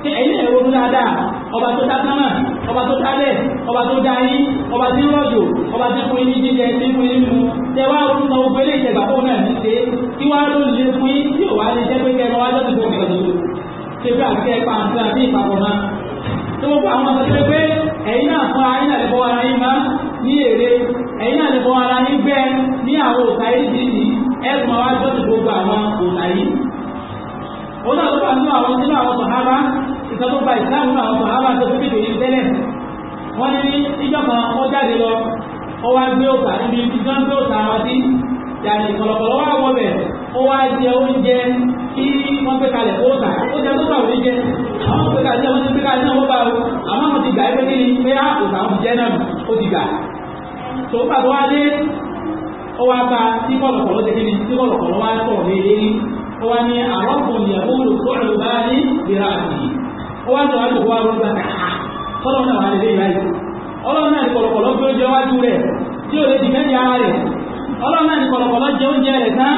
kí ẹ̀yìn ẹ̀rọ dáadáa ọba tó dá sámà ọba tó dálẹ̀ ọba tó dá yín ọba tí ń rọ̀jò ọba tí fún yín jíjẹ tí fún yín mímu tẹ wá fún ọ gbé lè jẹgbà fún náà ní ṣe kí wá ló lè fún yín tí ò wá lè jẹ pé kẹ ẹ wá fún ìgbà ní èrè ẹ̀yin na lè fọ ara yín gbẹ́ ní àwọn òkà ìdíjì ẹ̀sùn àwọn àjọṣe gbogbo àwọn òkà yìí. ó náà bá nínú àwọn nínú àwọn sàhábà àwọn sàhábà tó fi tẹ́lẹ̀. wọ́n ní ìjọ kan jáde lọ òkà níbi ìjọ ń ó wá jẹ oúnjẹ tí wọ́n gbé kalẹ̀ kó ta oúnjẹ tó bá wò jẹ àwọn gbé kalẹ̀ wọ́n ti gbé kalẹ̀ náà wọ́n bá wò àmọ́ àwọn ti gbà ẹgbẹ́ kí ni pé á ah, kò sàn án jẹ náà ó ti gbà tó bá tó wá dé ó wá bá tí kọ̀lọ̀kọ̀lọ̀ ti kí ni tí kọ̀lọ̀kọ̀lọ̀ wá sọ̀rọ̀ lé lé ó wá ní àrọ́kùnrin ìyàwó olùkọ́lù bá ní ìlera àti ó wá sọ wá lòkó wá lórí bàtà tọ́lọ́ náà wà lè lé ìbáyìí ọlọ́run náà ní kọ̀lọ̀kọ̀lọ̀ tó jẹ wájú rẹ̀ tí ò lè dìgẹ́ jẹ oúnjẹ rẹ̀ tán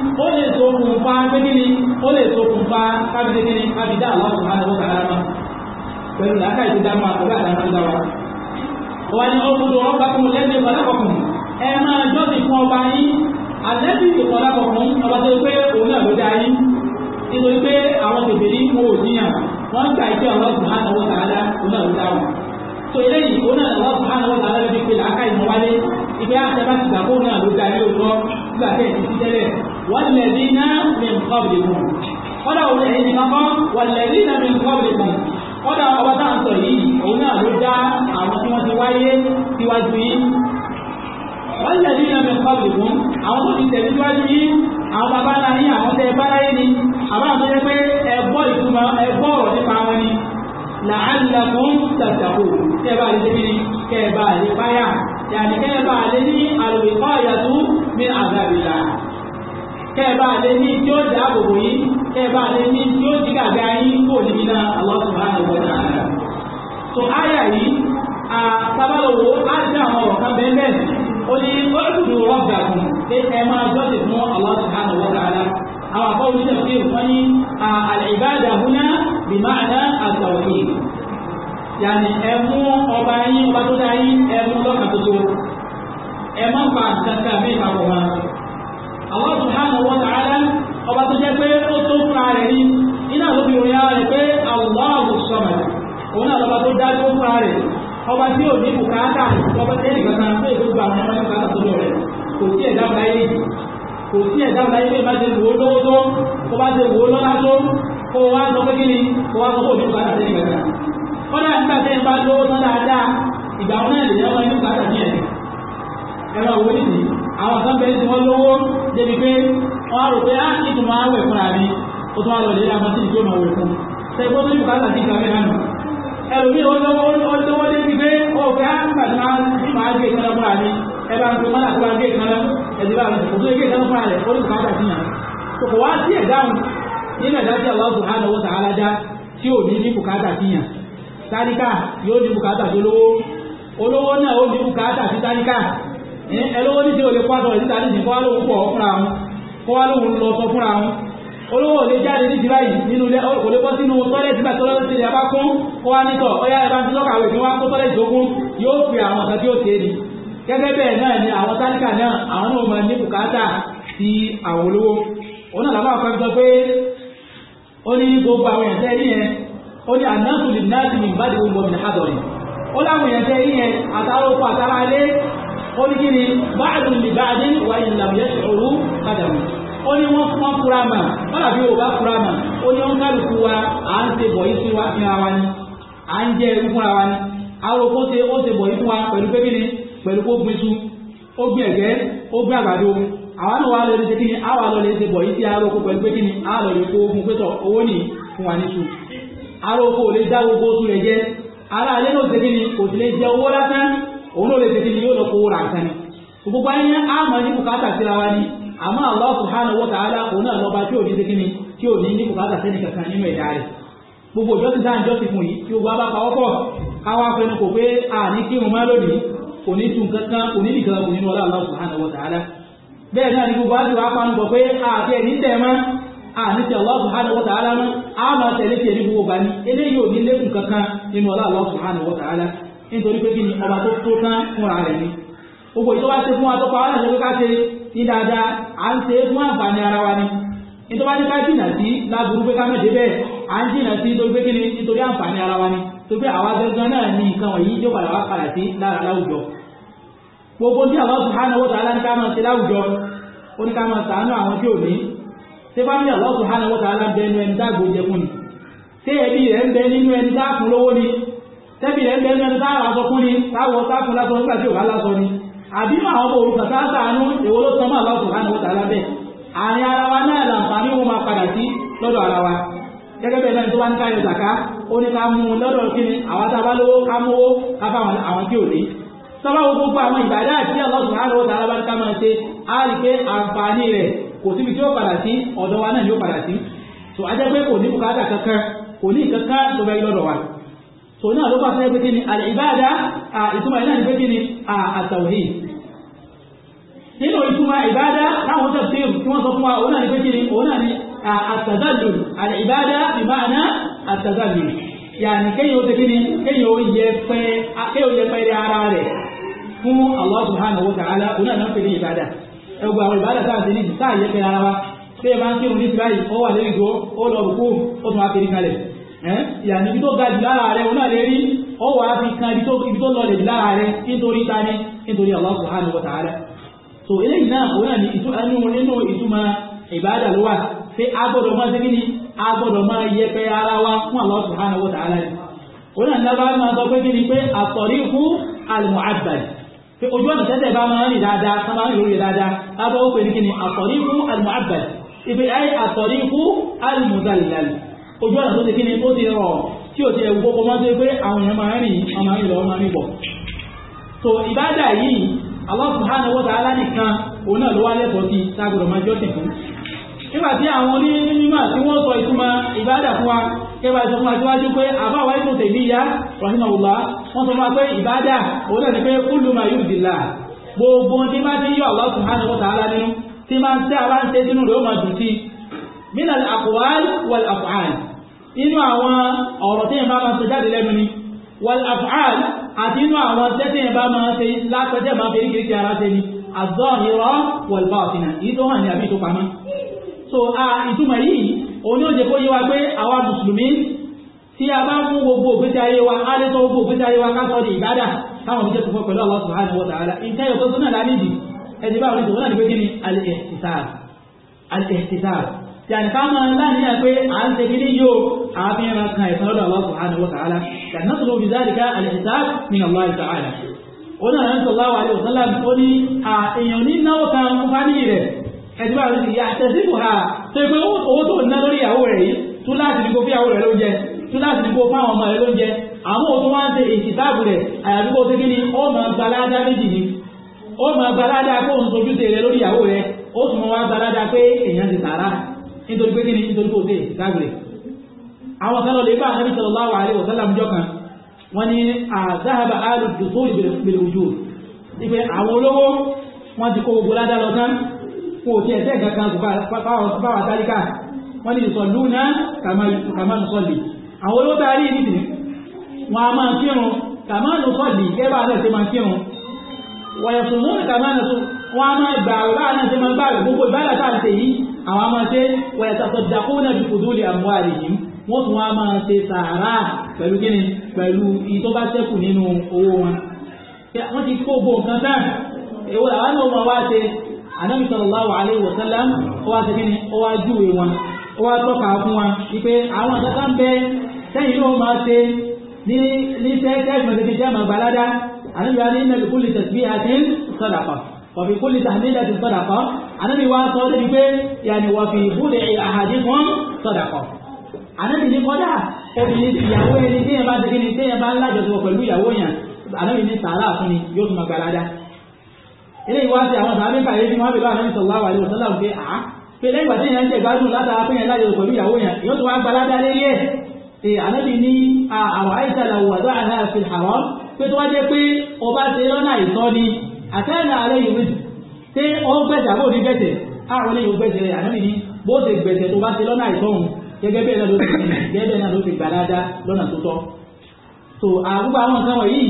ó lè ṣokùnfà gbégíní ó lè ṣokùnfà kábídégíní kábídá àwọn ọ̀hánà ó kàrà máa pẹ̀lú làákà ìdídá máa pẹ̀lú àdáńtí dáwà wọ́n ni ọkùnrin ọba kún lẹ́nu ìpàdàkọ̀kùn ẹ máa jọ́sìn fún ọba yín àlẹ́bí ìpàdàkọ̀kùn ọba tó pé òun náà ló dá yín nítorí pé àwọn tètè ní mo ò níyàn wọ́n gbà ìpè ọlọ́run subhanahu wa ta'ala òun náà ló dá wọn tó eléyìí òun náà lọ́wọ́ subhanahu wa ta'ala ló fi pe làákà ìmọ̀wálé ìgbé àtẹ́bá ti gbàgbó náà ló dá yín òun lọ والذين من قبلكم kọ́dà òun ẹ̀yìn ni lọ́kọ́ wọ̀lẹ̀rí náà ní kọ́bìlì kan kọ́dà ọba tá à ń sọ yìí òun náà ló dá àwọn tí wọ́n ti wáyé síwájú yìí wọ̀lẹ̀rí náà àwọn tó ti tẹ̀lé síwájú yìí àwọn bàbá náà ní àwọn tẹ bá láyé ni àbá àwọn tẹ pé ẹ̀gbọ́ ìtumọ̀ ẹ̀gbọ́ ọ̀rọ̀ nípa wọn ni làálàkùn tàtàkù tẹ kẹ kẹba lé ní tí ó jẹ́ àbòbò yìí kẹ́ẹ̀bá lé ní tí ó yìí kò níbi náà Allah subhanahu wa ta'ala so àyà yìí àtàbálòwò á jẹ́ àwọn ọ̀rọ̀ kan bẹ́ẹ̀ bẹ́ẹ̀ ó ní ọ̀rẹ́kùnrin wọ́n gbà fún pé ẹ máa jọ́sìn fún Allah subhanahu wa ta'ala àwọn wọ́n ní yàní Allah subhanahu wa ta'ala ọba tó jẹ́ pé ó tó fúnra rẹ̀ ní iná ló fi ròyìn ara rẹ̀ pé Allahu samad òun náà lọ́ba tó dá tó fúnra rẹ̀ ọba tí ò ní ọba pé gba àwọn ọmọ tó lọ rẹ̀ kò sí ẹ̀dá kò sí ẹ̀dá pé bá ti wò ó tó kó bá ti wò àwọn kan bẹ̀rẹ̀ tí wọ́n lówó débi pé wọ́n rò pé ah, á ìtumọ̀ àwẹ̀ fúnra mi ó tún wá lọ lè lábọ́ sí ìjọba òwe fún ṣẹ́gbọ́n tó bùkátà sí ìgbà mẹ́rin nù ẹlòmíì ó lówó débi pé ó fẹ́ á ah, nígbà tí máa gé ìkan lọ fúnra mi ẹ bá ń pe mọ́lá tó bá gé ìkan lọ ẹ̀dí bá kò tó gé ìkan lọ fúnra rẹ̀ ó ní bùkátà sí yàn kò kò wá sí ẹ̀dáhùn nínú ẹ̀dá tí Allah subhanahu wa ta'ala dá tí ò ní ní bùkátà sí yàn tálíkà yóò ní bùkátà sí olówó olówó ẹlọ́wọ́ ní tí o lè pàtó ìdíta ní ìsìn kó wá lóhun pọ̀ fúnra wọn kó wá lóhun lọ sọ fúnra wọn olówó ò lè jáde ní ìdíra yìí nínú ilé kò lè bọ́ sínú tọ́lẹ̀tì bá tọ́lẹ̀tì rẹ̀ bá kún kó wá nítọ̀ ọyá ẹ bá ń lọ́kà wẹ̀ kí wọ́n kó tọ́lẹ̀tì tó kún yóò fi àwọn ọ̀sán tí ó ṣe é ni gẹ́gẹ́ bẹ́ẹ̀ náà ni àwọn tálíkà náà àwọn náà máa ní bùkátà sí àwọn olówó òun náà làwọn kan sọ pé ó ní gbogbo àwọn èèyàn tẹ́ ní yẹn ó ní kí ni báàdùn lè báàdín wà ìlàmìyẹ ṣòro kádàmù ó ní wọ́n fún kúrámà wọ́n àbí ò bá kúrámà ó ní wọ́n kálukú wa à ń ṣe bọ̀ yìí sí wa fúnra wa ni à ń jẹ ẹrú fúnra wa ni àwọn ṣe ó ṣe bọ̀ yìí fún wa pẹ̀lú pé kíni pẹ̀lú kó gbin su ó gbin ẹ̀gẹ́ ó gbin àgbàdo àwọn náà wà lọ lè ṣe kíni àwọn àlọ́ lè ṣe bọ̀ yìí sí aróko pẹ̀lú pé kíni àlọ́ lè kó fún pẹ́tọ̀ owó nì fún wa ní su aróko ò lè dá gbogbo oṣù rẹ̀ jẹ́ aráalé òun ló lè ṣe kí ni yóò lọ kó ra nǹkan ni gbogbo ayé ní àmọ́ ní bùkátà síra wa ni àmọ́ Allah subhanahu wa ta'ala òun náà lọ́ba tí ò ní ni tí ò ní ní bùkátà sẹ́ni kankan nínú ẹ̀dá rẹ̀ gbogbo ìjọ ti dá ìjọ fún yìí tí gbogbo abá pawọ́ pọ̀ a ní kí wọn lónìí kò ní tún kankan kò ní nìkan kò bẹ́ẹ̀ náà ni nítorí pé kí ni ọba tó tó tán fúnra rẹ̀ ni gbogbo ìtọ́wá ṣe fún wa tó pa wá lẹ́sẹ̀ pé ká ṣe ní dáadáa à ń ṣe fún àǹfààní ara wa ni ìtọ́wá ní ká jìnà sí lágbóró pé ká mẹ́ṣe bẹ́ẹ̀ à ń jìnà sí nítorí pé kí ni nítorí àǹfààní ara wa ni tó pé àwa gangan náà ní nǹkan wọ̀nyí yóò padà wá padà sí lára láwùjọ gbogbo tí Allah subhanahu wa ta'ala ní ká máa ṣe láwùjọ ó ní ká máa ṣàánú àwọn tí ò ní ṣé bá ní Allah subhanahu wa ta'ala bẹ ẹni dáàbò jẹ fún ni ṣé ẹbí rẹ̀ ń bẹ nínú ẹni dáàbò lówó ni tẹ́bi rẹ̀ ń bẹ́ẹ̀ mẹ́rin táà lásọ fún ni táwọ̀ táàkùn lásọ nígbà tí ò bá lásọ ni àbí àwọn ọmọ òrukàn tá a sàánú èwo ló sọ máa lọ́sùn láàánú òtà lábẹ́ àárín ara wa náà làǹfààní wọn máa padà sí lọ́dọ̀ ara wa gẹ́gẹ́ bẹ́ẹ̀ náà tó bá ń ká yọ zàká ó ní ká mú un lọ́dọ̀ kí ni àwọn tá a bá lówó ká mówó ká bá àwọn tí ò ní. sọ́lá wo gbogbo àwọn ìbàdá àti àlọ́sùn láàánú òtà alábá ká máa ṣe á rí pé àǹfààní rẹ̀ kò síbi tí ó padà sí ọ̀dọ̀ wa náà ni ó padà sí. tó a jẹ́ pé kò ní bùkátà kankan kò ní kankan tó bá lọ́dọ̀ wa so náà ló pàṣẹ pé kí ni al-ibada ìtumọ̀ iná ni pé kí ni at-tawhid nínú ìtumọ̀ ìbádá láwọn tafsir tí wọ́n sọ fún wa òun náà ni pé kí ni òun náà ni at-tazallul al-ibada bi ma'na at-tazallul yàní kéyìn ó ti kí ni kéyìn ó yẹ pẹ́ẹ́rẹ́ ara rẹ̀ fún Allah subhanahu wa ta'ala òun náà ń pè ní ìbádá ẹgbẹ́ àwọn ìbádá ìyàní ibi tó ga jù lára rẹ̀ òun náà lè rí ó wà á fi kan ibi tó lọlẹ̀ jù lára rẹ̀ nítorí tani nítorí Allah subhanahu wa ta'ala so eléyìí náà òun náà ní nínú ìtumọ̀ ìbáàdà ló wà pé a gbọ́dọ̀ máa ṣe ní a gbọ́dọ̀ máa yẹpẹ ara wa fún Allah subhanahu wa ta'ala ni òun náà lábá máa sọ pé kí ni pé at ojú ọ̀nà tó ti kí ni ó ti rọ̀ tí ò ti ẹ̀wù kókó mọ́ tó pé àwọn èèyàn máa ń rìn ọmọ àmì ọmọ àmì bọ̀ so ìbádà yìí Allah subhanahu wa ta'ala nìkan òun náà ló wá lẹ́tọ̀ọ́ sí tágbọ̀dọ̀ máa jọ́sìn fún nígbà tí àwọn onímọ̀ tí wọ́n sọ ìtumọ̀ ìbádà fún wa kẹwàá sọ fún wa síwájú pé àbáwá ètò tèmi ya rahimahullah wọ́n sọ fún wa pé ìbádà òun náà ni pé kullu ma yurdillah gbogbo tí máa ti yọ inú àwọn ọ̀rọ̀ tí ìbá máa sọ jáde lẹ́nu ni wal af'al àti inú àwọn tẹ́tẹ́ ìbá máa ṣe látọ̀tẹ́ máa fèrè kìrìkì ara ṣe ni az-zahira wal batina èyí hàn ní àbí ìtòpamọ́ so a ìtumọ̀ yìí òní ó jẹ́ kó yé wa pé àwa mùsùlùmí tí a bá mú gbogbo ògbésí ayé wa á lè sọ gbogbo ògbésí ayé wa ká sọ di ìbádà táwọn òbí jẹ́ tó fọ́ pẹ̀lú Allah subhanahu wa ta'ala yàtìká máa ń láàrin yà pé à ń tẹ̀lé yóò àfi ẹran kan ẹ̀sán lọ́dọ̀ Allah subhanahu wa ta'ala yàtìká tó lóbi zalika al-hisab min Allah ta'ala ó náà rẹ̀ ń sọ láwà àlẹ́ òsánlá ó ní à èèyàn ní náwó kan ń fa ní rẹ̀ ẹ̀dí bá rẹ̀ yà tẹ̀sí kù ha tó pé owó tó ná lórí ìyàwó rẹ̀ yìí tún láti ní kó fi ìyàwó rẹ̀ lóúnjẹ ọmọ rẹ̀ lóúnjẹ àwọn òtún wá ń ṣe ìṣìṣàbù rẹ̀ àyàfi kó ṣe kí ó máa gbaládá méjì ni ó máa gbaládá kó ń sojú tèrè lórí ìyàwó rẹ̀ ó tún máa gbaládá pé èèyàn ti sàrà nítorí pé kí ni nítorí kò tè káàkiri àwọn kan lọ lè bá ànábì sallallahu alaihi wa sallam jọ kan wọ́n ní àzáhàbà alùdùsó ìbìlìwòjò ìpé àwọn olówó wọ́n ti kó gbogbo ládá lọ tán kò tí ẹ̀sẹ̀ kankan báwà tálíkà wọ́n ní ìsọ̀lú náà kàmánù sọ́lì àwọn olówó tààrí nìtì wọ́n a máa kírun kàmánù sọ́lì náà ti máa kírun wọ́n yẹ̀ sùn mú kàmánù sọ́lì àwọn máa ṣe wọ̀yẹ̀ tàbí dàkó náà bí kòdó lè àmúwà rẹ̀ yìí wọ́n tún wá máa ṣe sàárà pẹ̀lú kíni pẹ̀lú ìtọ́ bá ṣẹ́kù nínú owó wọn wọ́n ti kó gbogbo nǹkan tán èwo àwọn náà máa wá ṣe anábì sallallahu alaihi wasallam ó wá ṣe kíni ó wá júwe wọn ó wá tọ́ka fún wọn wípé àwọn àtàkà ń bẹ sẹ́yìn náà máa ṣe ní ní sẹ́ẹ̀kẹ́ ìfọ̀sẹ̀kẹ́ jẹ́ àmàgbàládá anábì wa ní nàbìkú lè tẹ̀sí bí a wàfi kó lè tàmílẹ̀ ti sọ́dàkọ́ anábì wá sọ débi pé yàní wàfi ìbúlẹ̀ àhàdí fún sọ́dàkọ́ anábì ní kọ́dà obìnrin ìyàwó ẹni tí yẹn bá ti kíni tí yẹn bá ń lájọsọ pẹ̀lú ìyàwó yẹn anábì ní sàárà fún ni yóò tún gbàládá ilé ìwá sí àwọn sàábí kàyé bí wọ́n bèèrè àwọn sallallahu alaihi wasallam pé à pé lẹ́yìn ìgbà tí yẹn ń tẹ̀ gbádùn látara pé yẹn lájọsọ pẹ̀lú gbàládá àtẹ́nà alẹ́ yìí méjì tí ó gbẹ̀sẹ̀ àbò ní gbẹ̀sẹ̀ àwọn eléyìí gbẹ̀sẹ̀ rẹ̀ ànábì ní bó ṣe gbẹ̀sẹ̀ tó bá ṣe lọ́nà àìtọ́hun gẹ́gẹ́ bẹ́ẹ̀ ló ló ti gbàdáda lọ́nà tó so àgbúgbà àwọn nǹkan wọ̀nyí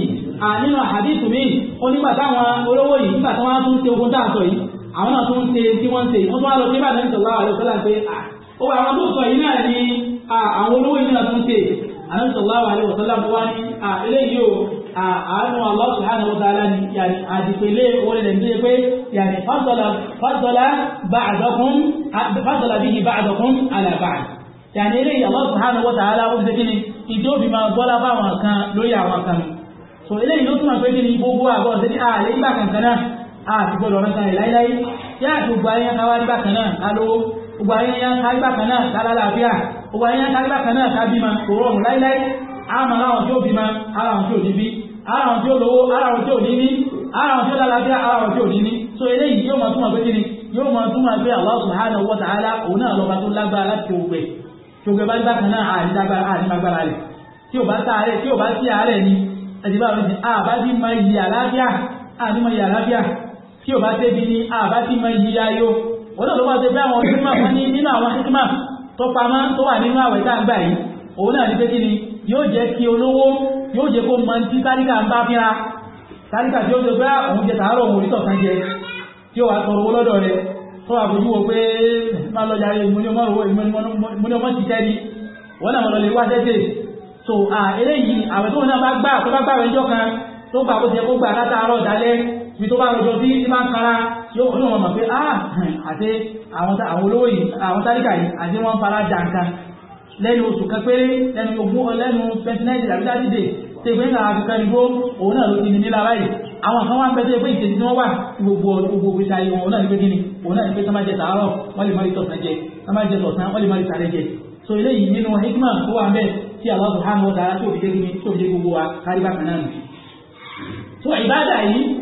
nínú àdìsù mi ó nígbà táwọn olówó yìí nígbà tí tún ṣe ogun dáàtọ̀ yìí àwọn náà tún ṣe tí ṣe tún wá lọ sí ìbàdàn Ànábì sallallahu alaihi wasallam wá ní eléyìí o àánú Allah subhanahu wa ta'ala ni yàrá àdìpẹ̀lẹ̀ orin rẹ̀ ń dé pé yàrá fásọlá fásọlá ba'dakum fásọlá bihi ba'dakum ala ba'd. Yàrá eléyìí Allah subhanahu wa ta'ala ó ṣe kíni ìjọ bí máa gbọ́lá fáwọn kan lórí àwọn kan. So eléyìí ló túmọ̀ pé kí ni gbogbo àgọ́ ṣe ní gbogbo ayé yá kárígbà kan náà lálàáfíà gbogbo ayé yá kárígbà kan náà kábímọ kò rọrùn láíláí àmọ́ aláwọn tí ó bímọ aláwọn tí ò ní bí aláwọn tí ó lówó aláwọn tí ò ní ní aláwọn tí ó lálàáfíà aláwọn tí ò ní ní so eléyìí yóò máa túmọ̀ pé kí ni yóò máa túmọ̀ pé Allah subhanahu wa ta'ala òun náà lọ́ba tó lágbára láti tó òun náà ló máa ṣe bí àwọn hikima fún ní nínú àwọn hikima tó pamọ́ tó wà nínú àwẹ̀ tá à ń gbà yìí òun náà ní pé kí ni yóò jẹ́ kí olówó yóò jẹ́ kó mọ tí táríkà ń bá fíra táríkà tí ó ṣe pé ah, òun jẹ tààrọ̀ òun orítọ̀ kan jẹ tí ó wà tọrọ owó lọ́dọ̀ rẹ tó wà fojú wo pé eh, má lọ yàrá ìmúni ọmọ òwò ìmúni ọmọ ti tẹ́ni wọ́n náà lọ lè wá tẹ́tẹ́ so eléyìí àwẹ̀ tó náà bá gbà tó bá gbà rẹ̀ jọ kan tó gbà bó ti yẹ kó gbà látàárọ̀ dálẹ́ bí tó bá rọjọ sí ní máa ń kára yóò ní wọn mọ̀ pé ah àti àwọn olówó yìí àwọn táríkà yìí àti wọn fara jàǹkà lẹ́nu oṣù kan péré lẹ́nu ogún lẹ́nu twenty nine àbí thirty day ṣe pé nígbà àfikà ni gbó òun náà ló ti nílá báyìí àwọn kan wá ń pẹ́sẹ́ pé ìṣèlú tí wọ́n wà gbogbo gbogbo gbèsè ayé wọn náà ní pé kí ni òun náà ní pé sọ́mà jẹ sàárọ̀ wọ́n lè má rí tọ̀sán jẹ sọ́mà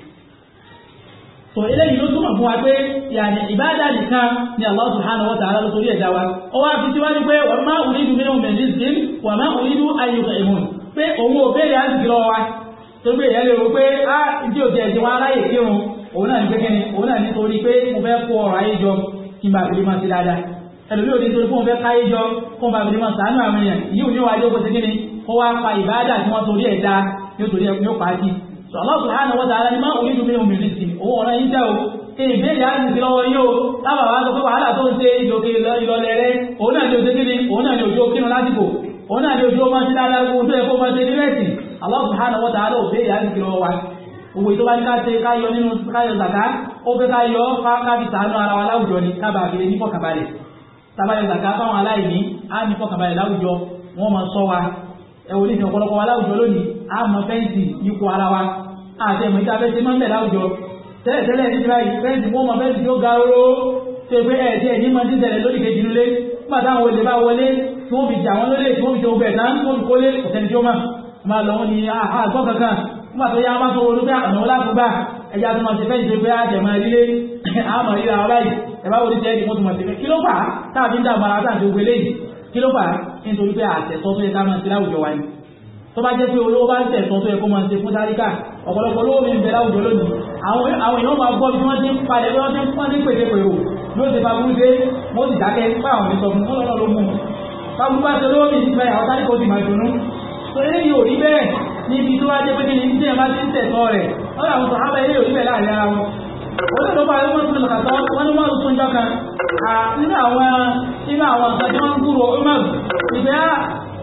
so eléyìí ló túmọ̀ fún wa pé yàní ìbáàdà nìkan ni Allah subhanahu wa ta'ala ló torí ẹ̀dá wa ó wá fi síwájú pé wọ́n máa ń wa tó gbé pé jẹ́ aráyè ah, kí òun náà ní pé kíni òun náà pé mo fẹ́ kó ayé jọ kí n bá fi máa dáadáa ní torí pé mo fẹ́ káyé jọ kó n bá fi máa ní so Allah subhanahu wa ta'ala ni máa orí dùn nínú mìíràn sí owó ọ̀rọ̀ yìí jẹ́ o èyí béèrè àti ìsìn lọ́wọ́ yóò tábà wá sọ pé wàhálà tó ń ṣe ìjòkè ìlọlẹ̀ rẹ òun náà ni òjò kíni òun náà ni òjò kínú lásìkò òun náà ni òjò máa ṣe dáadáa gbogbo tó yẹ kó máa ṣe ní mẹ́sì Allah subhanahu wa ta'ala ò béèrè àti ìsìn lọ́wọ́ wa owó tó bá ní ká ṣe ká yọ nínú ká ó fẹ́ ká yọ ká fi sàánú ni ká bàa ní fọkàbalẹ̀ tabalẹ̀ àmọ́ fẹ́ǹsì yípo ara wa àti ẹ̀mọ̀ ìta fẹ́ǹsì máa ń bẹ̀ láwùjọ tẹ́lẹ̀tẹ́lẹ̀ ní tíra yìí fẹ́ǹsì wọ́n mọ fẹ́ǹsì tó ga oró tó gbé ẹ̀ẹ́dì ẹ̀ní máa ti tẹ̀lẹ̀ lórí kejì nulẹ̀ nígbà táwọn olè bá wọlé tí wọ́n fi jà wọ́n lólè tí wọ́n fi jọ bẹ̀ tán tó fi kólé ọ̀sẹ̀ni tí ó mà máa lọ wọn ni àgbọ̀ kankan nígbà tó yá máa tó wọlé pé ọ̀nà wọlé àfúgbà ẹja tó máa ti fẹ́ ìṣe pé àjẹmọ ilé àmọ̀ ìlà ọ̀rá yìí ẹ̀bá wo ti tẹ́ ẹ̀dì mọ́tò mọ̀tẹ́fẹ́ kí ló fà á táàbí ń dàgbà ara táàbí ògbélé yìí kí ló fà á nítorí pé àtẹ̀sọ́ fẹ́ ká máa ti láwùjọ wa ni tó bá jẹ́ pé olówó bá ń tẹ̀sọ́ tó yẹ kó máa ṣe fún dáríkà ọ̀pọ̀lọpọ̀ olówó mi ń bẹ láwùjọ lónìí àwọn èèyàn máa gbọ́ bí wọ́n ti ń palẹ̀ bí wọ́n ti ń pọ́n ní pèdépèrò ló ti fa burú dé mo sì dákẹ́ fáwọn mi sọ fún wọn lọ́nà ló mú un fáwọn bá ṣe olówó mi ti fẹ́ àwọn dáríkà ó ti máa dùnú tó lé yìí ò rí bẹ́ẹ̀ níbi tó bá jẹ́ pé kíni tí ẹ bá ti ń tẹ̀sọ́ rẹ̀ lọ́dà àwọn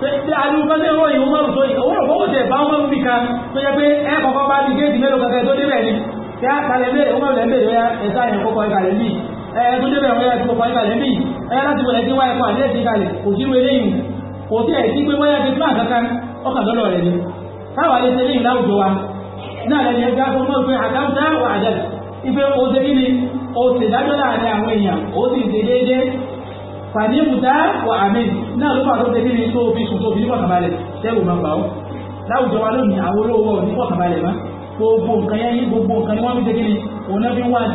tí alúgbọ́n tí wọ́n yìí mọ́rùn tó yìí owó òfówó tẹ̀ bá mọ́rùn bí kan tó jẹ́ pé ẹ̀kọ́kọ́ bá ní ya mélòó kankan tó débẹ̀ ni tí a kalẹ̀ bẹ̀rẹ̀ wọ́n lẹ̀ bẹ̀rẹ̀ ya ẹ̀sá yẹn kọ́kọ́ ìkàlẹ̀ bí ẹ̀ẹ́ tó débẹ̀ wọ́n yà tó kọ́kọ́ ìkàlẹ̀ bí ẹ̀yà láti wọlé tí ti wa náà lẹ́ni ẹgbẹ́ akọ́ mọ́ pé àdáńtá wà àdá ife o na kí ni o ṣèdájọ́ láàrin fàní ìbùdá wà ndị náà ló pàtó tẹ́ kíni tó fi sùn tó fi níwọ̀n kàbálẹ̀ máa bà ọ́ láwùjọ wa lónìí àwọn olówó níwọ̀n má gbogbo nǹkan yẹn ní gbogbo nǹkan ni wọ́n fi tẹ́ kíni òun náà fi ń wá tí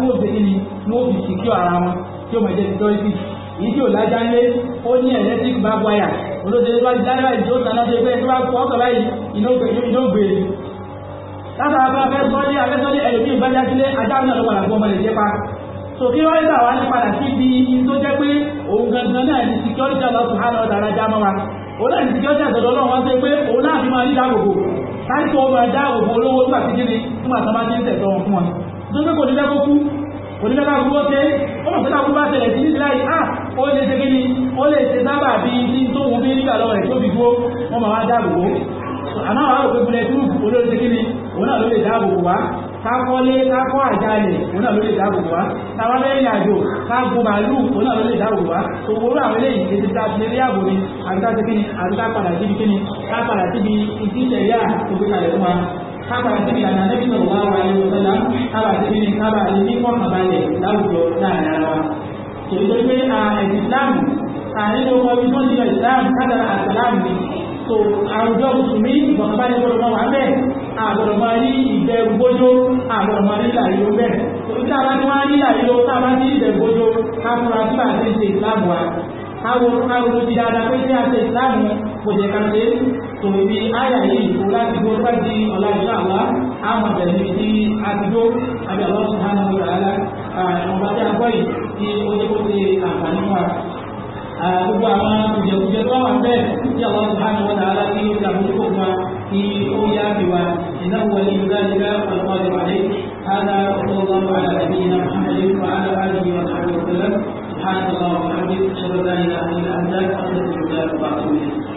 tẹ́ ara wọn tí so kí wọ́n gbà wá ní padà sí ibi ibi tó jẹ́ pé òun gangan náà ní security Allah subhanahu wa ta'ala já mọ́ wa òun náà ní security àtọ̀dọ̀ náà wọ́n ṣe pé òun náà fi máa rí dáàbòbò olówó kíni bá ti ń wọn fún wọn tó pé kò ní kú kò ní kú ah ó lè ṣe kíni ó lè ṣe sábà bí tó wù kákọ́lé kákọ́ àjálẹ̀ òun náà ló lè dáàbò wá táwa lẹ́yìn àjò kágbó màálù òun náà ló lè dáàbò wá owó rà wọlé ìdíje tá a ti lé àbò ni àbíká ti kíni àbíká padà síbi kíni ká padà síbi ìdílé yá òkè kalẹ̀ fún wa ká padà síbi àná lẹ́bí náà wà wà ní ọ̀sẹ̀dá ká padà síbi ní ká padà ní kọ́ àbálẹ̀ láwùjọ láàárín wa. Islam ànílò ọbí tó ń di Islam ká àgbọ̀dọ̀ máa rí ìbẹ̀rù gbójó àgbọ̀dọ̀ máa rí làyò bẹ́ẹ̀ torí tí a bá ti wá rí làyò tá a bá ti rí ìbẹ̀rù gbójó ká fura sí bá a ti ṣe ìsìláàmù wa káwo káwo ti dáadáa pé tí a ṣe ìsìláàmù kò jẹ́ ká ṣe tò ibi yìí kó láti gbó tó bá di ọ̀la ìṣọ́ àwa àwọn àbẹ̀rẹ̀ níbi tí a ti dó àbẹ̀ ọlọ́sùn hánà ọ̀la ọ̀la ọ̀gbà tí a gbọ́ yìí tí ó ní kó ṣe àǹfààní wa Ah, gbogbo àwọn ìjẹkùjẹ tó wà bẹ́ẹ̀ tí àwọn subhanahu wa ta'ala kí ó ṣàmójúkò fún wa kí ó yá bí wa innahu waliyyu dhalika wal qadiru alayh hada wa sallallahu ala nabiyyina muhammadin wa ala alihi wa sahbihi wa sallam subhanahu wa ta'ala wa bihamdihi ashhadu an la ilaha illa anta astaghfiruka wa atubu ilayk